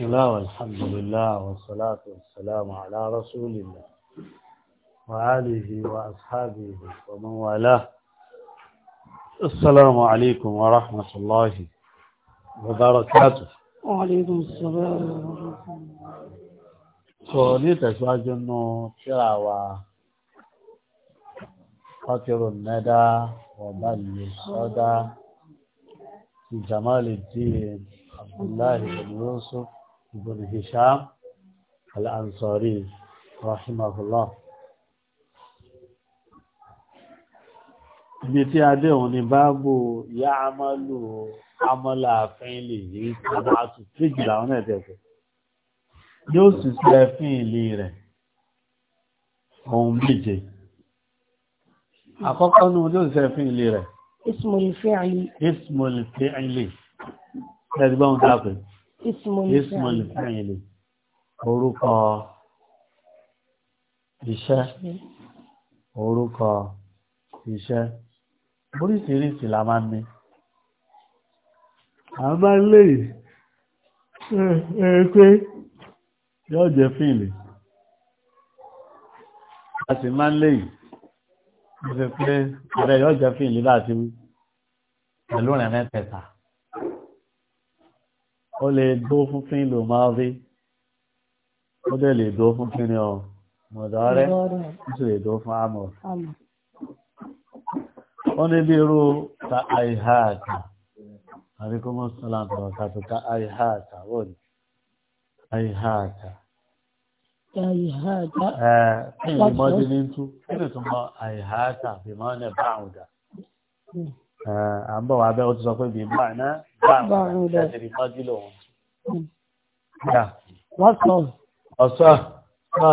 بسم الله والحمد لله والصلاة والسلام على رسول الله وآله وأصحابه ومن والاه السلام عليكم ورحمة الله وبركاته وعليكم السلام ورحمة الله سؤالي تسواج أنه شراوة خطر الندى وبل الصدى في جمال الدين عبد الله بن يوسف بن هشام الأنصاري رحمه الله ibi tí a dé òun ni báàbò yá amálò amọ́lá fínlì yìí tó bá tún fíjì láwọn ẹ̀dẹ̀ẹ̀kẹ́ yóò sì sílẹ̀ fínlì rẹ̀ ohun méje àkọ́kọ́ ní ojú ìṣẹ́ fínlì rẹ̀ ismul fi'li ismul fi'li ẹgbẹ́ ohun dápẹ́ ismoli fẹ́yìnlẹ̀ orúkọ iṣẹ́ orúkọ iṣẹ́ oríṣiríṣi la máa ń ní a máa ń lè ẹ pé yóò jẹ fíìlì a sì máa ń lè yìí pé ààrẹ yóò jẹ fíìlì láti wí pẹ̀lú rẹ̀ ó lè dúó fún kí ló máa rí ó dẹ̀ lè dúó fún kí ni ọ mọ̀dárẹ́ ó sì lè dúó fún àmọ̀ ó ní bí irú ta àìháàkà àríkọ́mọ́ sọ́làǹtà ọ̀kàtò ta àìháàkà wọ́n ni àìháàkà àìháàkà ẹ̀ kí ní tú kí ni tó bí à ń bọ̀ wá bẹ́ẹ̀ ó ti sọ pé bíi hmm. bá iná bá àwọn ìṣẹ̀lẹ̀ ìfọ́jú lòun. wọ́n sọ. ọ̀sọ́ sọ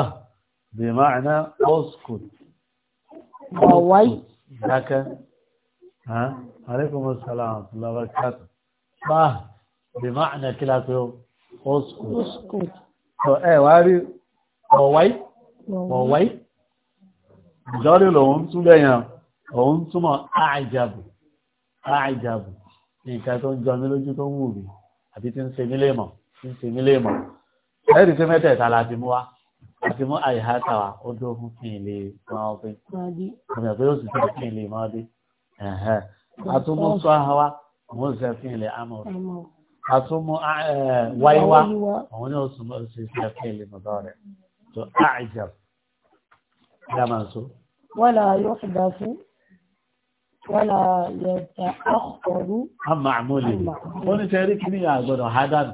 bíi má iná ọ́skùl. ọ̀wáyì. dákẹ́. aleykum salaam wa rahmatulah wa barakatu. bá bíi má iná kí la pé ọ́skùl. ọ́skùl. ẹ wá rí ọ̀wáyì ọ̀wáyì. ìjọ́rí lòun túbẹ̀ yẹn òun túmọ̀ àjàbù àìjàbù nǹkan tó ń jọ mí lójú tó ń wù mí àbí tí ń ṣe mí léèmọ̀ tí ń ṣe mí léèmọ̀ ẹ̀rí pé mẹ́tẹ̀ẹ̀ta la ti mú wa a ti mú àìháta wa ó dó fún kí n lè máa fi ọmọ ìpínlẹ̀ oṣù tó kí n lè máa dé àtúmú sọ ahọ́n wa òun ṣe kí n lè amọ̀ àtúmú wáyé wa òun ní oṣù oṣù ṣe kí n lè mọ̀ tó àìjàbù dáàmà yóò fi dà fún wọ́la yẹ̀ta ọ̀rú. a máa mú lè ó ní tẹ́rí kí ní àgbọ̀dọ̀ hadad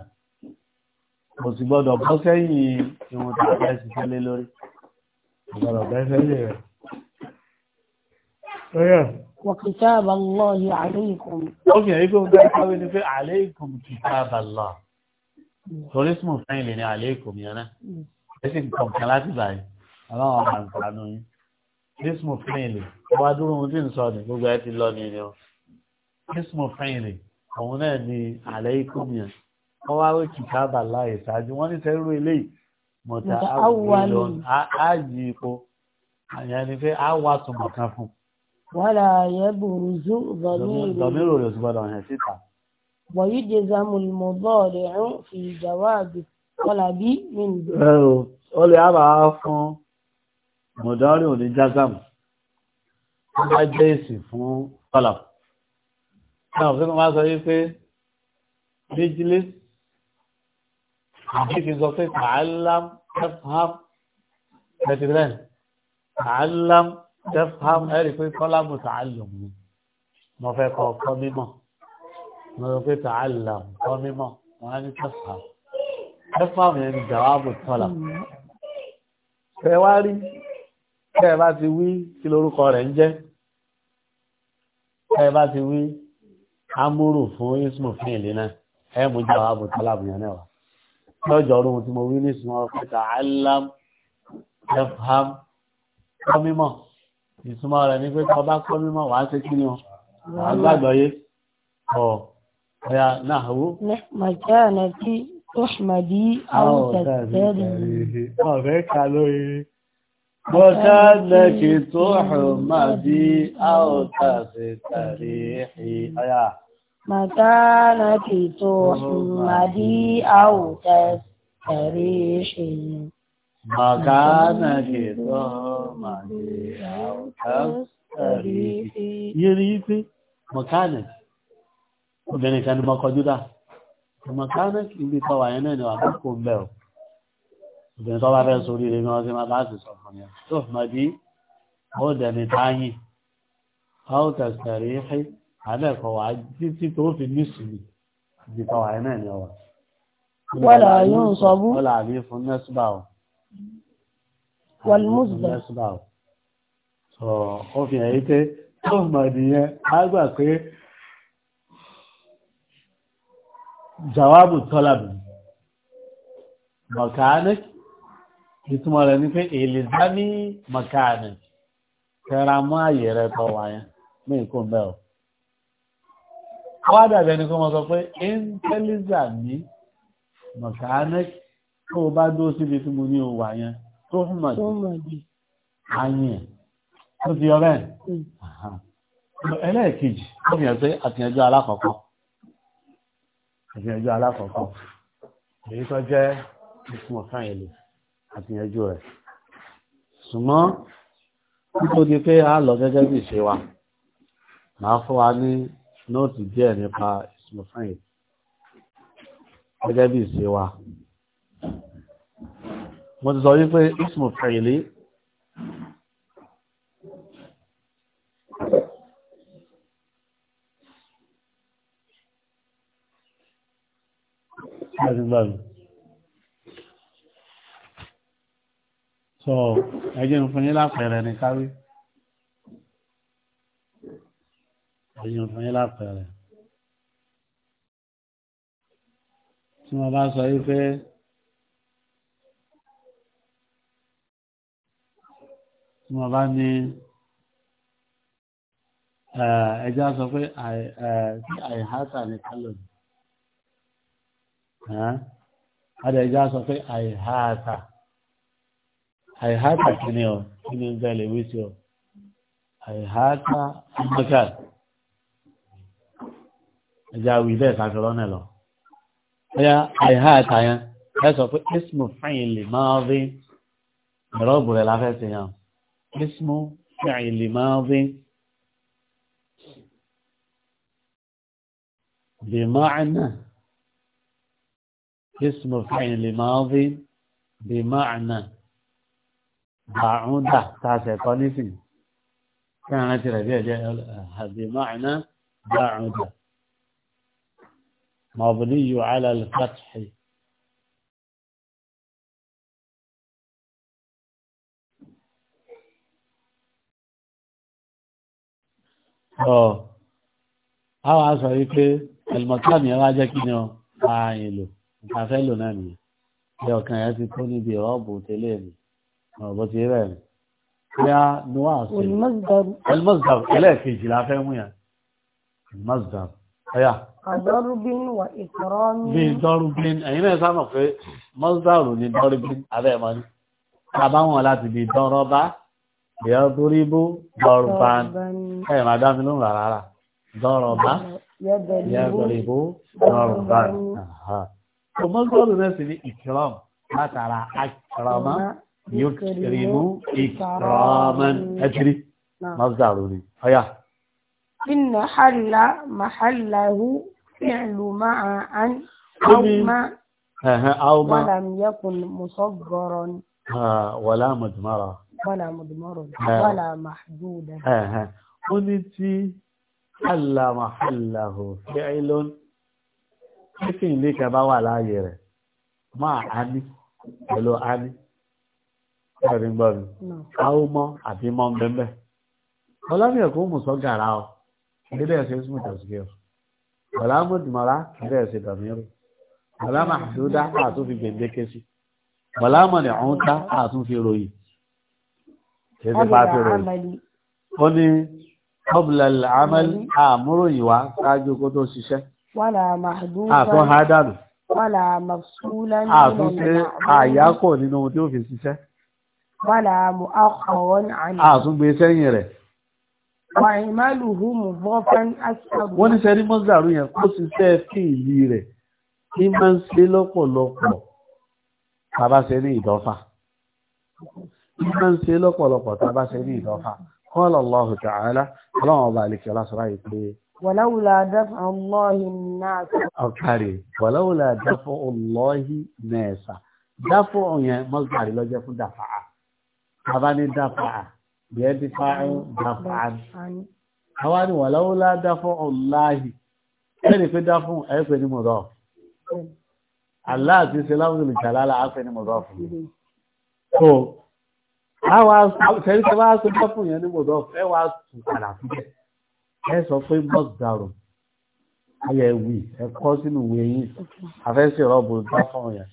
kò sì gbọ́dọ̀ bọ́ sẹ́yìn ìwọ̀n tó bá ẹ̀sì tẹ́lé lórí gbọ́dọ̀ bẹ́ sẹ́yìn rẹ̀. wọ̀kìtà àbálọ́ ni àléìkùn. ó fi hàn ikú bẹ́ẹ̀ káwé ni pé àléìkùn kìtà àbálọ́ torísmù fẹ́yìn lè ní àléìkùn yẹn náà mm. ẹ sì ń kọ̀ọ̀kan láti báyìí ọlọ́run àǹfààní yín ismu fẹ́ẹ̀lì ọba dúró ohun tí ń sọ ní gbogbo ẹ ti lọ ní ni ọ ismu fẹ́ẹ̀lì òun náà ni àlẹ́ ikú yẹn wọ́n wá wí kìtàbà láì ṣáájú wọ́n ní sẹ́rú eléyìí mọ̀tà àwùjọ ààyè ipò àyànní pé á wà túnmọ̀ kan fún. wàhálà ayé burú zú dọ̀míìrì dọ̀míìrì rẹ̀ ṣùgbọ́n ọ̀yàn síta. wọ̀nyí rẹ̀ ń fi ìjà wá àgbẹ̀ kọlà bí mi nìyẹn. ẹ o fún mọ̀dárì ò ní jágàmù wọ́n bá jẹ́ èsì fún kọ́là náà fún wọn sọ wípé méjìlé àbí kí n sọ pé kàálàm tẹ́fàm ẹ̀tìrẹ́ kàálàm tẹ́fàm ẹ̀rì pé kọ́lámù tààlùmù mo fẹ́ kọ́ ọkọ́ mímọ̀ mo rò pé tààlùmù kọ́ mímọ̀ wọ́n á ní tẹ́fàm tẹ́fàm yẹn ni jàwábù tọ́lá fẹ́ wá rí tẹ́ ẹ bá ti wí kí lorúkọ rẹ̀ ń jẹ́ tẹ́ ẹ bá ti wí amúrù fún ismu fún ìlú náà ẹ mú jẹ́ àwọn àbùtá lábùyàn náà wà lọ́jọ́ ọdún tí mo wí ní ìsìn wọn pẹ̀tà alam fham kọ́mímọ̀ ìtumọ̀ rẹ̀ ní pé ọba kọ́mímọ̀ wà á ṣe kí ni ọ wà á gbàgbọ́ yé ọ ọ̀yà náà wó. màjá nàbí tó ṣùmàdí àwùjọ tẹ́lẹ̀. ọ̀rẹ́ kà lóye. وشادك تحمدي أو تستريحي أيا مكانك تحمدي أو تستريحي مكانك تحمدي أو تستريحي يريفي مكانك obìnrin kan ni mo kọjú dá mọ̀kánẹ́kì ibi tọwà yẹn náà ni wà kókò ń bẹ̀ ọ́ obìnrin tó bá fẹ́ sórí rẹ̀ wọ́n sí máa bá sì sọ fún yẹn tó mọ̀ bí ó dẹni táyìn a ó tẹ̀sẹ̀rí ṣe àdẹ́kọ̀ wà títí tó fi ní sùúrù ibi kan wà ní ẹ̀yìn ọ̀wà. wọ́lá yóò sọ bú. wọ́lá àbí ìtumọ̀ rẹ̀ ní pé èlìzámì mọ̀káàní tẹ́ra mọ́ àyè rẹ̀ tọ́ wà yẹn ní ìkó mẹ́ o. wọ́n á dàbí ẹni kó mọ́ sọ pé ìntẹ́lìzámì mọ̀káàní tó o bá dó síbi tí mo ní o wà yẹn tó fún mọ̀ jù ayìn tó ti yọ bẹ́ẹ̀. Mm. ẹlẹ́ẹ̀kejì ó fi hàn pé àtìyànjọ́ alákọ̀ọ́kọ́ àtìyànjọ́ alákọ̀ọ́kọ́ èyí tó jẹ́ ìfún ọ̀kan ìlú àti yanjú rẹ̀ ṣùgbọ́n nítorí pé a lọ gẹ́gẹ́ bí ìṣe wa máa fún wa ní nóòtù díẹ̀ nípa ìsìnkú gẹ́gẹ́ bí ìṣe wa mo ti sọ wípé ismu fẹ̀yìlì Thank you. sọ ẹjẹ́ ń fún yín lápẹẹrẹ ní káwí ẹjẹ́ ń fún yín lápẹẹrẹ tí wọ́n bá sọ yí pé tí wọ́n bá ní ẹjẹ́ sọ pé àìhátà ní kálọ̀nì adẹ̀já sọ pé àìhátà àìháàtà kí ni ọ kí ni nǹkan lè wí sí ọ àìháàtà mọ́kà ẹja wí bẹ́ẹ̀ ká fẹ́rọ́ náà lọ. ẹ̀yà àìháàtà yẹn ẹ sọ pé ismu fẹ́yìn lè máa rí ẹ̀rọ ìbùrẹ̀ la fẹ́ sí yẹn ismu fẹ́yìn lè máa rí lè máa náà. اسم فعل ماضي بمعنى داعون ده تاسي قاني فيه كان هذه معنى داعون ده مبني على الفتح اه اه اصحابي كي المكان يراجع كينو فاعلو فاعلو ناني يو كان يأتي توني بيوابو تليني ọ̀bọ̀ ti rẹ̀ ya nuwaasu almasdar ẹlẹ́ẹ̀kejì la fẹ́ mú yẹn almasdar ọ̀yà. àdọ́rùbín wà ìkọ̀rọ́mí. bí dọ́rùbín ẹ̀yin náà sábà pé masdaru ni dọ́rùbín abẹ́ ẹ̀mọ́ ni tàbá wọn láti bí dọ́rọ́bá yẹ́dúríbú dọ́rùbán ẹ̀ máa dá mi lóhùn rárá dọ́rọ̀bá yẹ́dúríbú dọ́rùbán. ọmọ dọ́rù náà sì ní ìkìrọ̀m látara àkìrọ̀mọ́. يكرم إكراما أجري مصدر هيا إن حل محله فعل مع أن أو ما أو ما ولم يكن مصغرا ولا مدمرا ولا مدمرا ولا محدودا قلت حل محله فعل كيف لك بقى على غيره مع أني ولو أني ẹ̀rí gbọ́ mi káwó mọ́ àti mọ́ ń bẹ́ẹ̀ ọlámi ẹ̀kọ́ mú sọ gàrà ọ ìdílé ẹ̀sẹ̀ sùn tẹ̀síkẹ́ ọ ọ̀là mọ̀dìmọ̀lá ìdílé ẹ̀sẹ̀ dọ̀míìrì ọ̀là màdúdá àtún fi gbèǹdéke sí ọ̀là mọ̀nì ọ̀hún tá àtún fi ròyìn ṣèṣe bá fi ròyìn ó ní ọ̀bùlẹ̀lẹ̀ amẹ́lí àmúròyìn wá ṣáájú kó tó ṣiṣẹ́ àtún hádànù àtún ṣe àyákò nínú tí ó fi ṣiṣẹ́ wàlà mu akọ̀wọ́n àná. a tún gbé sẹ́yìn rẹ̀. wà ìmáàlùhù mu bọ́fán aṣáàbù. wọ́n ní sẹ́ni mọ́gàrú yẹn kó ṣiṣẹ́ fíìlì rẹ̀ ní máa ń ṣe lọ́pọ̀lọpọ̀ tàbá ṣe ṣe ní ìdọ́fà. قال الله تعالى اللهم بارك على سرايك ولولا دفع الله الناس أوكاري ولولا دفع الله الناس دفع يعني مصدر لو جاء bàbá ní dáfà bẹ́ẹ̀ ti fa ń dáfà ní. àwa ni wọ́n lọ́wọ́ lá dáfọ́ ọ̀láhì ẹni pé dáfún ẹ pé ní mọ̀dọ́ aláàtí ṣe láwùjọ lè jàlálà á pé ní mọ̀dọ́ fún mi. so àwa ṣẹ́ríṣẹ́ bá pé dáfún yẹn ní mọ̀dọ́ ẹ wá tù padà síbẹ̀ ẹ sọ pé mọ́gàrò ayẹ wì ẹ kọ́ sínú ìwé yìí àfẹ́sẹ̀ rọ́bù dáfún yẹn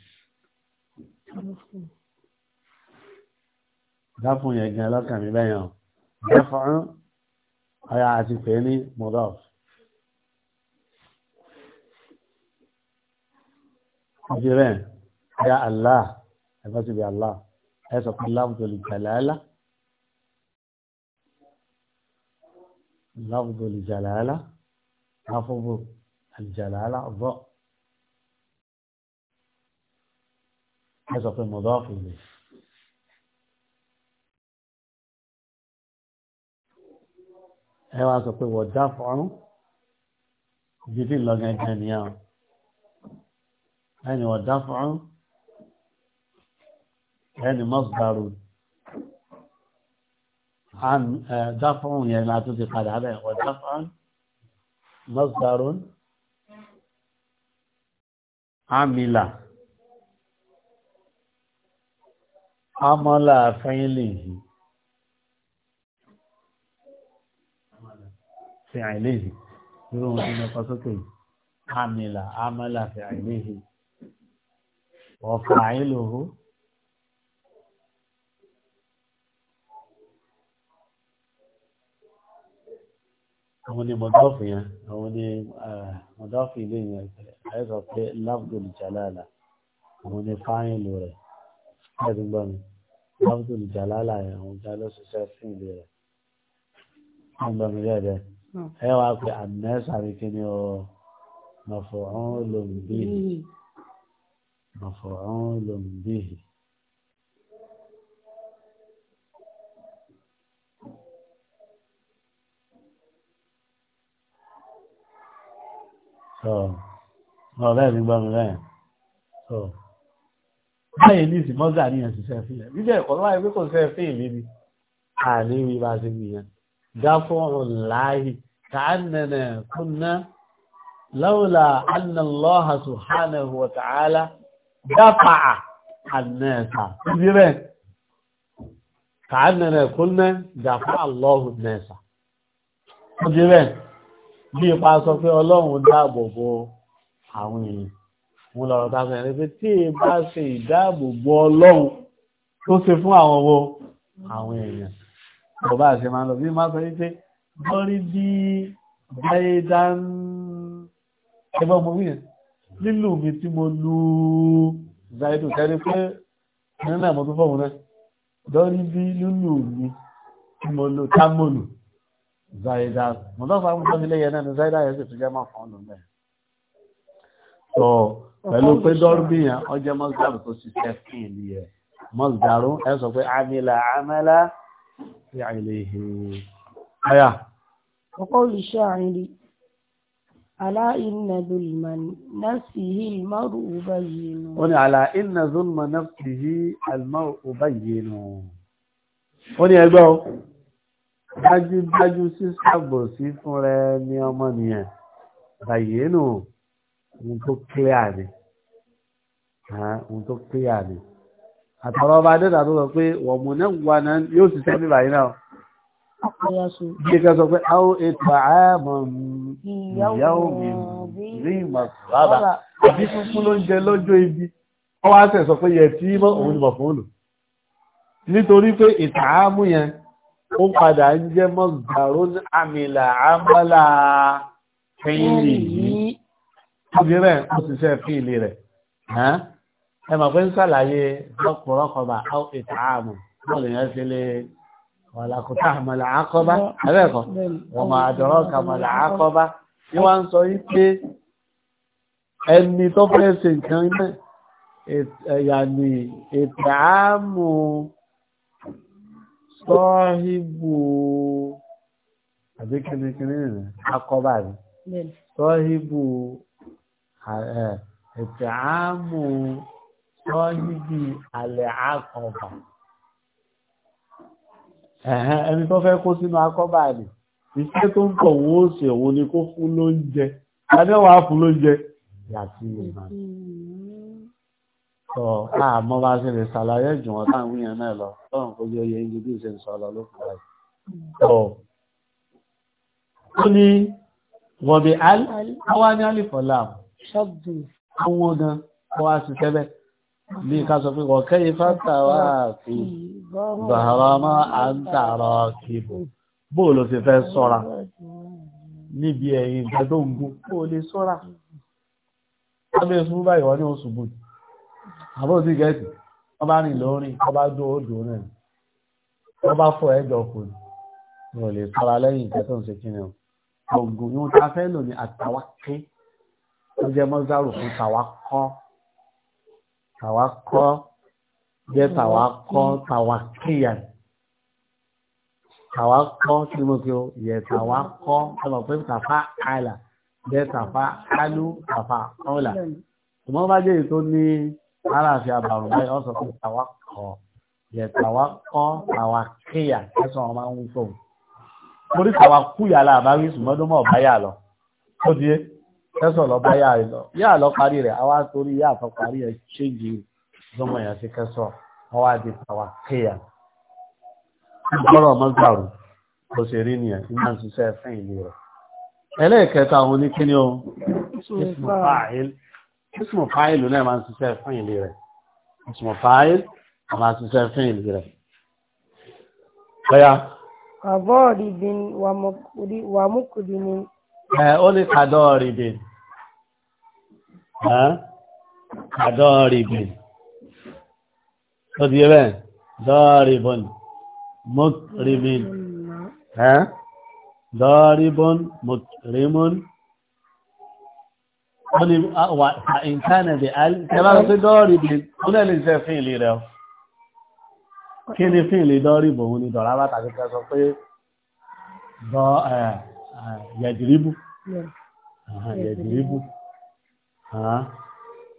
dáfún yẹn gan lọ́kàn mi bẹ́yàn dáfún ọ̀yà àti pé ní mudaf ọjọ́ rẹ̀ ọ̀yà Allah ẹ̀fọ́ ti bí Allah ẹ sọ pé lábùdòlì jàlálà lábùdòlì jàlálà láfọ́bù àlìjàlálà ọ̀bọ̀ ẹ sọ pé mudaf ìlú. ẹ wá sọ pé wọ́n dá fọ́rún gidi lọ́gẹ́gẹ́ ni àwọn ẹni wọ́n dá fọ́rún ẹni mọ́sùdárù dá fọ́rún yẹn látún ti padà rẹ̀ wọ́n dá fọ́rún mọ́sùdárù àmìlà amọ́lá fẹ́yìnlẹ̀ yìí fi àìléhì irú ohun tí mẹ́kọ́ sókè yìí àmìlà àmàlà fi àìléhì ọ̀fà àìlòhó àwọn ni mọ̀dọ́fì yẹn àwọn ni eh, mọ̀dọ́fì ilé yẹn àìsọ pé lábdùn jàlálà àwọn ni fáyìnlò rẹ̀ ẹ̀dùn gbọ́ mi lábdùn jàlálà yẹn àwọn jálọ́sọsẹ́ fún ilé rẹ̀ wọ́n gbọ́ mi rẹ̀ rẹ̀ ẹ wá pé ànẹ́sà ni kí ni ọ mọ̀fọ̀ọ́n lòmbìhì mọ̀fọ̀ọ́n lòmbìhì. ọ̀rẹ́ mi gbọ́ mi lẹ́yìn báyìí ní ìsìn mọ́gà ní ẹ̀sìn sẹ́fì rẹ̀ nígbà ẹ̀kọ́ láì pé kò sẹ́fì mi àní rí bá ti gbìyànjú. دفع الله كأننا كنا لولا أن الله سبحانه وتعالى دفع الناس كأننا كنا دفع الله الناس ọdíbẹ̀ bí ipa sọ pé ọlọ́run dáàbòbò àwọn èèyàn wọn lọ́rọ̀ tàbí ẹni pé tí è bá ṣe ìdáàbòbò ọlọ́run tó ṣe fún àwọn owó àwọn èèyàn kò bá ṣe máa lọ bí máa sọ wípé lórí bí dáyédán ẹgbẹ́ ọmọ wíyẹn lílù mi tí mo lù zaidu kẹ́rí pé nínú àmọ́ tó fọ́wọ́n náà lórí bí lílù mi tí mo lù támọ́lù zaidan mo lọ́ fà ń tọ́ yẹn náà ni zaidan yẹn sì tún jẹ́ máa fọ́n lù mẹ́ sọ pẹ̀lú pé dọ́rùbí yẹn ọjọ́ mọ́sgàrù tó ṣiṣẹ́ fún ìlú yẹn mọ́sgàrù ẹ sọ pé amílà amẹ́lá فعليهم آية وقول الشاعر على إن ظلم نفسه المرء بين قل ألا إن ظلم نفسه المرء بين قل يا إبو dájúdájú sísàgbọ̀ sí fúnra ẹni ọmọnìyàn bàyẹ̀ nù ohun tó kílíà ni ohun tó kílíà ni àtàrà ọba adẹ́dà tó sọ pé wọ̀mù náà wà náà yóò sì sẹ́bí báyìí náà bí ká sọ pé a ó ètò àmọ̀ ìyàwó mi rí ìmọ̀sára àbí fúnfún ló ń jẹ lọ́jọ́ ibi ọwọ́ àṣẹ sọ pé yẹ tí mọ́ òun ni mọ̀fún lò nítorí pé ìtààmú yẹn ó padà ń jẹ́ mọ́ gàró àmìlà àmọ́là fíìlì yìí ó rẹ̀ ó sì fẹ́ fíìlì rẹ̀ ẹ mọ̀ pé ń sàlàyé lọ́pọ̀lọpọ̀bà áwọ̀ ètò ààmù wọ́n lè yẹn fi lè ọ̀làkùtà àmàlà àkọ́bá abẹ́ẹ̀kọ́ ọmọ àdọ̀rọ̀ kàmàlà àkọ́bá ní wọ́n ń sọ wípé ẹni tó fẹ́ ṣe nǹkan náà yàní ètò ààmù sọ́híbù àbí rẹ̀ àkọ́bá rẹ̀ sọ́híbù ètò ààmù wọ́n níbi àlẹ́ àkànbà ẹni tó fẹ́ kó sínú akọ́bà ni iṣẹ́ tó ń bọ̀ wọ́n ṣe òun ni kó fún lóúnjẹ adẹ́wàá fún lóúnjẹ yàtí ìmọ̀ sọ àmọ́ bá ṣe lè ṣàlàyé jùwọ́n táwọn èèyàn náà lọ lọ́rùn kó yẹ iye bí ìṣe ń sọ lọ ló fún báyìí sọ ó ní wọ̀bí àwọn ní alìfọ́lá àwọn gan wọ́n á ṣiṣẹ́ bẹ́ẹ̀ bí ká sọ pé wọ́n kẹ́yìn fáńtà wà fi à ń tààrà kìbò bóò ló ti fẹ́ sọ́ra níbi ẹ̀yìn ìgbà tó lè sọ́ra lábẹ́ fún báyìí wọ́n ní oṣù bùtù àbóò sí gẹ̀ẹ́sì wọ́n bá rìn lórí wọ́n bá dó odò náà wọ́n bá fọ ẹ̀jọ̀ kù ní wọ́n lè sọ́ra lẹ́yìn ìgbà ń ṣe kíni o gbòǹgò ni wọ́n ta fẹ́ lò ní àtàwáké tó jẹ́ mọ́sálù fún tàwákọ́ tàwa kọ́ jẹ́ tàwa kọ́ tàwa kíyàn tàwa kọ́ kí mo kí o yẹ tàwa kọ́ ẹmọ pé tàfà àlà jẹ́ tàfà álú tàfà ọ̀là ṣùgbọ́n bá jẹ́ ètò ní aláàfin àbàrò báyìí ọ̀sọ̀ pé tàwa kọ́ yẹ tàwa kọ́ tàwa kíyàn ẹ̀sán ọmọ ń fò mo rí tàwa kúyà láàbáwí ṣùgbọ́n tó mọ̀ báyà lọ ó di é kẹsàn lọ bá yáà lọ yáà lọ parí rẹ̀ àwa torí yáà tó parí ẹ̀ ṣéjì sọmọ yẹn sí kẹsàn wọn wá di tàwa kéèyàn gbọ́rọ̀ mọ́gbàrún kò sì rí nìyẹn iná ń ṣiṣẹ́ fún ìlú rẹ̀ ẹlẹ́ẹ̀kẹta òun ní kíní o ismu fáìlù náà máa ń ṣiṣẹ́ fún ìlú rẹ̀ ismu fáìlù máa ń ṣiṣẹ́ fún ìlú rẹ̀ bóyá. kàbọ́ọ̀rì bin wàmúkùdì ẹ ó ní kàdọ́ọ̀rì bin àdọ́rìbìn tó di ẹ̀rẹ́ dọ́rìbọn mọ́tìrìmìn dọ́rìbọn mọ́tìrìmìn wọ́n ni wà ìntánẹ̀dì alìkẹ́lá sí dọ́rìbìn ó lẹ́ lè jẹ́ fíìn lè rẹ̀ kí ni fíìn lè dọ́rìbọn òun ni dọ̀rá bá tàbí kẹ́ sọ pé yẹ̀dìríbù yẹ̀dìríbù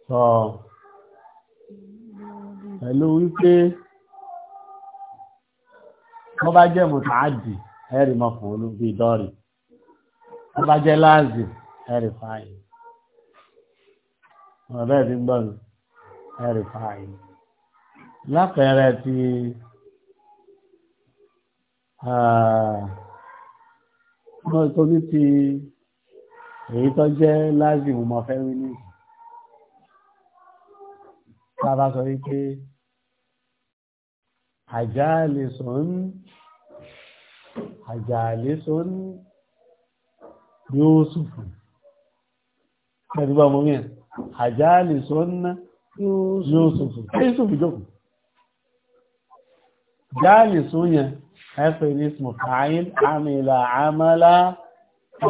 sọ pẹ̀lú wípé wọ́n bá jẹ́ mùtàádì ẹ̀rì mọ́ fún olúbi dọ́rì wọ́n bá jẹ́ láàzì ẹ̀rì fáyìn wọ́n bẹ́ẹ̀ fi ń gbọ́ mi ẹ̀rì fáyìn lápẹẹrẹ ti ọ̀rọ̀ ìtọ́jú ti èyí tó jẹ́ láàrín mo fẹ́ rí ní sábà sọ wípé àjálẹ̀sọ́n àjálẹ̀sọ́n Yúsùfù ẹ̀dùgbà mọ́ mìíràn àjálẹ̀sọ́n Yúsùfù Yúsùfù jókòó jálẹ̀sọ́n yẹn ẹ̀fẹ̀ ní smọ̀káyín àmìlà àmàlà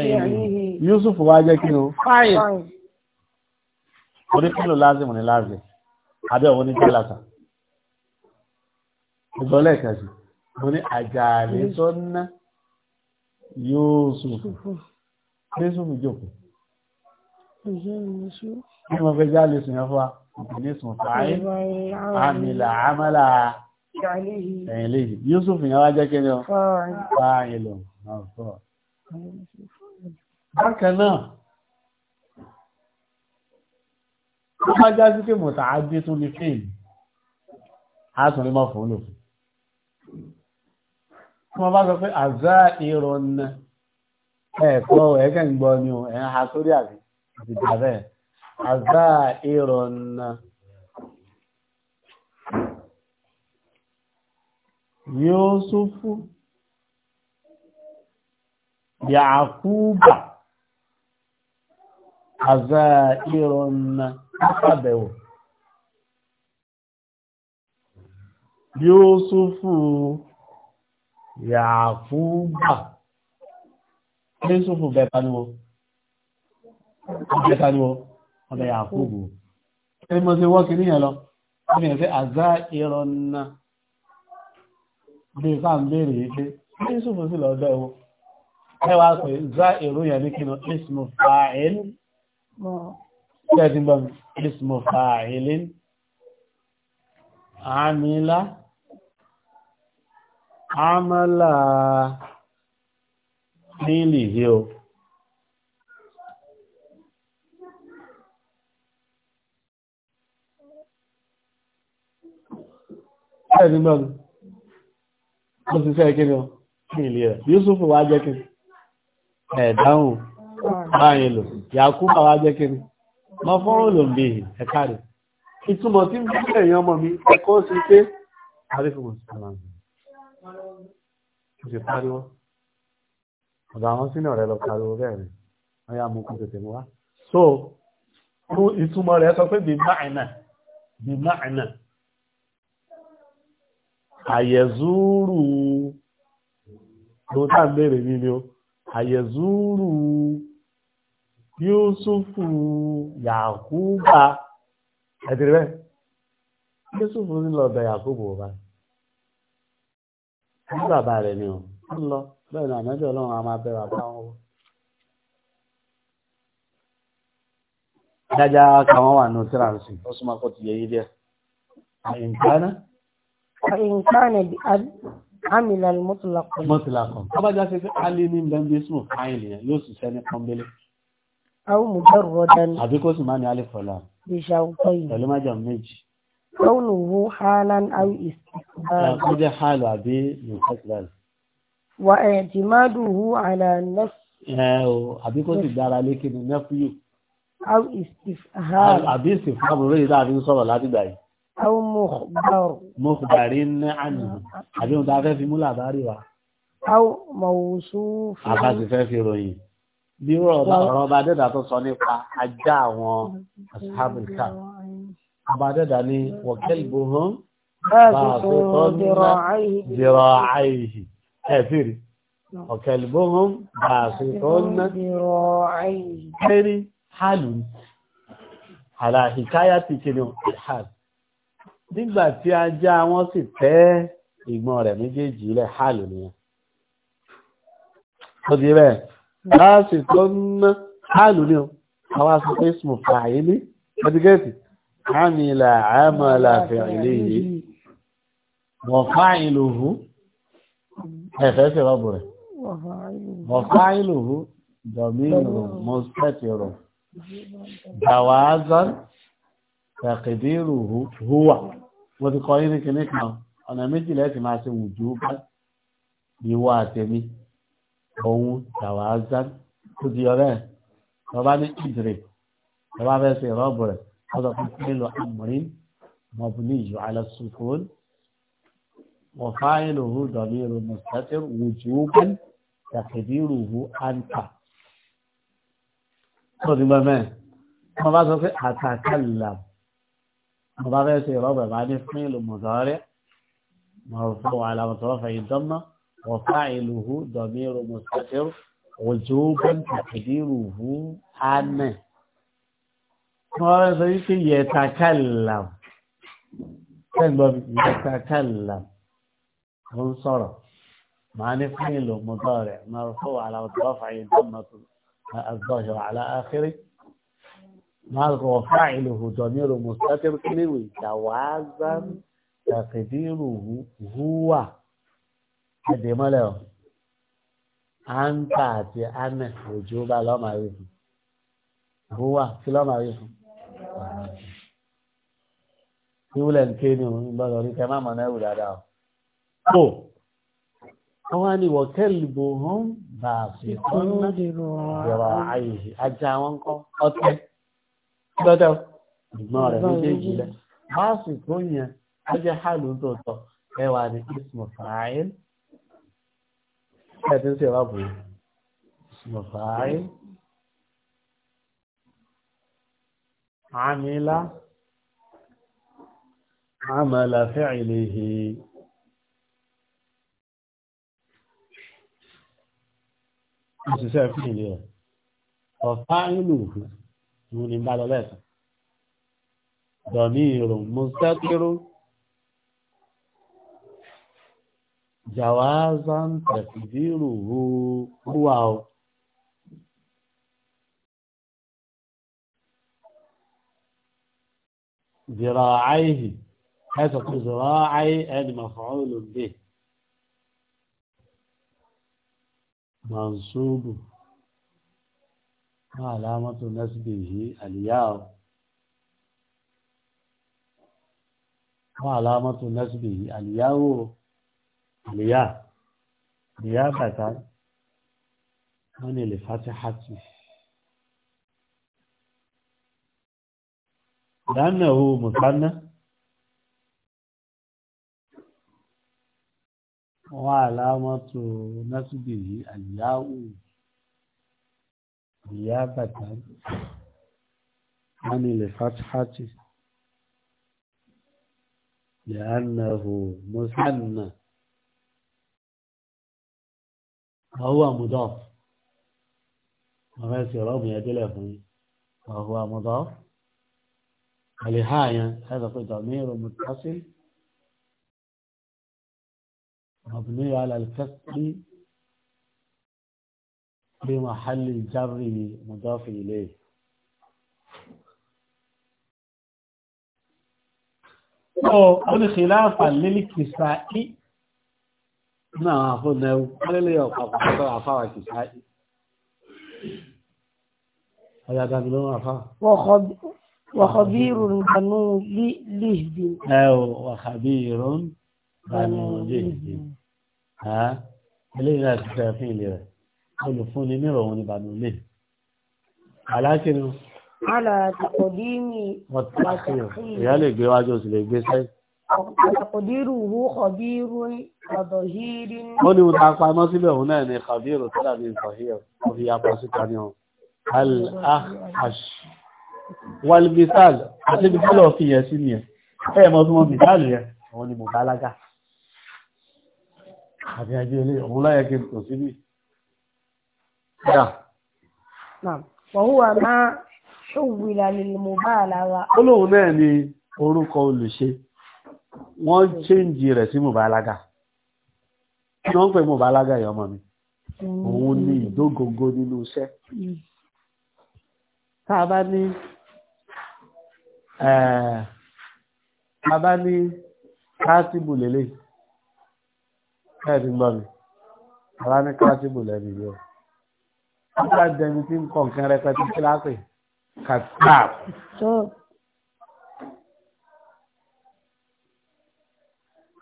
ẹ̀yìn Yusuf wá jẹ́ kí o fáìn orí kílò lázìmù ní lázì abẹ́ òun ní tẹ́lásà ìgbọ́lẹ̀ ìkẹsì mo ní àjàlè tó ná Yusuf Yusuf jòkó ní mo fẹ́ jáde sùn yẹn fún wa ìpínlẹ̀ ìsùn fáìn àmìlà àmàlà ẹ̀yìn léyìí Yusuf yẹn wá jẹ́ kí ni o fáìn lò náà fọ́ bákan náà ó má já sí pé mọ̀tà ágbé tó lè fèèlì àtúnlé mọ́ fún olófin wọ́n bá sọ pé àzá ìrọ̀n ẹ̀kọ́ ẹ̀kẹ́ ń gbọ́ ni o ha sórí àti ìdìbà bẹ́ẹ̀ àzá ìrọ̀n Yósúfù Yàkúbà àzá ìrọ̀nà àbẹ̀wò. Yúsúfù Yàfúgbà. Yúsúfù bẹ̀ta ni wọ́n. Bẹ̀ta ni wọ́n. Ọ̀dẹ̀ Yàfúgbù. Ṣé mo ti wọ́n kìíní yẹn lọ? Wọ́n fi hàn pé àzá ìrọ̀nà. Bí sáà ń béèrè yìí pé Yúsúfù sì lọ́dọ̀ ẹ̀wọ̀. Ẹ wá pé zá èrò yẹn ní kí ni Ismu Ṣé ti gbọ́ mi? Ismu fa'ilin, amila, amala, nílì yí o. Ṣé ti gbọ́ mi? Mo rẹ̀. Yusuf wá jẹ́ kí ẹ̀dáhùn báyìí lò. Yakubu àwọn ajẹ́kiri mọ fọ́rọ̀ ló ń bè ẹ̀ka rẹ̀ ìtumọ̀ tí mo fẹ́ ẹ̀yàn ọmọ mi ẹ̀kọ́ sí pé àrífòmọ̀ sí ọmọ mi mo sì pariwo ọ̀dọ̀ àwọn sínú ọ̀rẹ́ lọ pariwo bẹ́ẹ̀ rẹ̀ wọ́n yá mú kú tètè mú wá so ìtumọ̀ rẹ̀ sọ pé bí máàna bí máàna àyẹ̀zúrù ló tá ń bèèrè mi ni ó àyẹ̀zúrù Yusufu Yakuba ẹ̀dìrì bẹ́ẹ̀ Yusufu ń lọ bẹ ọba ní bàbá rẹ̀ ni ó ń lọ bẹ́ẹ̀ ni ànájọ́ ọlọ́run a máa bẹ bàbá wọn o. Dájá káwọn wà ní tíráǹsì, ó súnmọ́ kó ti yẹ yí díẹ̀. Àyìnkáná. Àyìnkáná bí Amìlà Mọ́tìlákọ̀. Mọ́tìlákọ̀. Abájá ṣe pé Alé ní Bẹ́ńdé Smith, lèyàn yóò ṣiṣẹ́ ní Pọ́ńbélé aw mujarradan àbí kó sì máa ní alif wala bi shawqayn pẹ̀lú májàm méjì kaunuhu halan aw istiqbal kó jẹ́ halu àbí mustaqbal wa i'timaduhu ala nafs eh o àbí kó sì dára lé kí ni nafiyu aw istifham àbí istifham lórí tá a fi ń sọ̀rọ̀ láti gbà aw mukhbar mukhbarin anhu àbí mo ta fẹ́ fi mú làbárí wa aw mawsuf àbá sì fẹ́ fi ròyìn bí ọ̀rọ̀ ọba dẹ́dà tó sọ nípa ajá àwọn asábìlkà ọba dẹ́dà ni wọ̀kẹ́lìbò hàn báàbùtọ́ dìrọ̀ àìyí ẹ̀fìrì wọ̀kẹ́lìbò hàn báàbùtọ́ dìrọ̀ àìyí kẹ́rí hálù àlàhìkáyà ti kìnnì hálù nígbà tí ajá wọn sì tẹ́ ìgbọ́n rẹ̀ méjèèjì lẹ̀ hálù nìyẹn ó di bẹ́ẹ̀ láàṣì tó ń ná hálù ní àwọn aṣọ ismù fàáyílé ẹdígẹ́tì àmìlà àmàlà fẹ̀rẹ̀lẹ̀ yìí wọ́n fáìlù hù ẹ̀fẹ́ sí rọ́bù rẹ̀ wọ́n fáìlù hù dọ̀míìrù mọ́sẹ̀tìrù dàwázán tàkìdírù hù hùwà mo ti kọ́ yín ní kinní ọ̀nà méjìlá ti máa ṣe wùjú bá ìwọ àtẹ̀mí òun tàwa azá tó di ọ̀rẹ́ ẹ̀ lọ́ba ní ìdìrè lọ́ba fẹ́ ṣe rọ́ọ̀bù rẹ̀ wọ́n sọ fún kílò àmọ́rí mọ̀bùnì yìí alásùfòón وفاعله ضمير مستتر وجوبا تقديره أنت sọ́dún mẹ́mẹ́ wọ́n bá sọ pé àtàkàlà wọ́n bá fẹ́ ṣe rọ́bẹ̀ bá ní fún ìlú mọ̀sọ́rẹ́ mọ̀rọ̀fọ́ alamọ̀sọ́rọ̀fẹ́ ìdánmọ́ وفاعله ضمير مستتر وجوبا تقديره أنا هذا يتكلم يتكلم منصرف معنى فعل مضارع مرفوع على الرفع ضمة الظاهرة على آخره مالك وفاعله ضمير مستتر كنوي جوازا تقديره هو ẹ̀dẹ̀ mọ́lẹ̀ ọ̀ áńtà àti ánẹ̀ òjò bá lọ́mà rí fún àbúwà kí lọ́mà rí fún ìwúlẹ̀ ń ké ní òun lọ́dọ̀ ní kẹ má mọ̀ náà wù dáadáa ọ̀ àwọn ni wọ́n kẹ́lìbò hàn bá fi kún yọ̀rọ̀ ààyè ajá wọn kọ́ ọtẹ lọ́dọ̀ ìgbọ́n rẹ̀ méjèèjì lẹ̀ bá sì kún yẹn ó jẹ́ hàlù ẹwà ní ismu ẹ̀ tí ń ṣe wá bùrù ìsìnà fàáyé àmìlá àmàlà fẹ́ẹ̀lìhì òṣìṣẹ́ fìlì ẹ̀ ọ̀fá ìlú òfin ní bá lọ lẹ́sàn dọ̀mí ìrùn jawazan tẹ̀síbírùhù wúwa o. ذراعيه حيث ذراعي المفعول به منصوب علامة نسبه الياء وعلامة نسبه الياء àlìyá àlìyá bàtà wọ́n ní lè fàtí hàtì dáná ò mùsànná wọ́n àlámọ́tò násìbì yìí àlìyá ò àlìyá bàtà wọ́n ní lè fàtí hàtì لأنه مثنى ọwọ́ àmúdọ́ ọ̀rẹ́ sí ọ̀rọ̀ ọ̀gbìn ẹdílẹ̀ fún yín ọwọ́ àmúdọ́ àlèhà yẹn ẹ̀rọ pé dọ̀mí ìròmù tásí ọ̀bùnú yà lálùkẹ́sì bí màhálì jábìrì mùdọ́fì ilé yìí. ó ní kìláàfà lílì kìsà í náà àfọ́nà ẹwú kálẹ́lẹ́ ọ̀pàpọ̀ àtọ́rọ̀ àfáwà kì sáàì ọ̀yàdàbí ló wọ́n àfáwà wọ̀kọ̀bírùn banú lìhdín ẹ̀wọ̀ wọ̀kọ̀bírùn banú lìhdín eléyìí náà ti fẹ́ fún ilé rẹ̀ olùfúnni nírọ̀rùn ní banú lè alákìnnú Ala àtìkọ̀dí mi. Wọ́n ti pàṣẹ ìyá lè gbé wájú òsì lè gbé sẹ́yìn àkọ̀dírùhù kọ̀bírù ọ̀dọ̀hírí. ó ní mo ta pamọ́ síbẹ̀ òun náà ni kọ̀bírù tó dàbí ìsọ̀híọ̀ ó fi yàtọ̀ síta ní ọ̀hún. al-ahash walmisal àti ibi tó lọ fi yẹ sí ni ẹ ẹ mọ́ tó mọ́ misal yẹ òun ni mo àbí ajé wọ́n chẹ́ǹjì rẹ̀ sí mùbálágà kí wọ́n ń pè mùbálágà yìí ọmọ mi òun ni ìdógógó nínú iṣẹ́ tá a bá ní a bá ní káàtìbù lélẹ̀ ẹ̀ẹ́dín gbọ́ mi a bá ní káàtìbù lẹ́nu yìí ó bá dẹni tí ń kọ̀ nǹkan rẹpẹtẹ kíláàsì kàtàkì.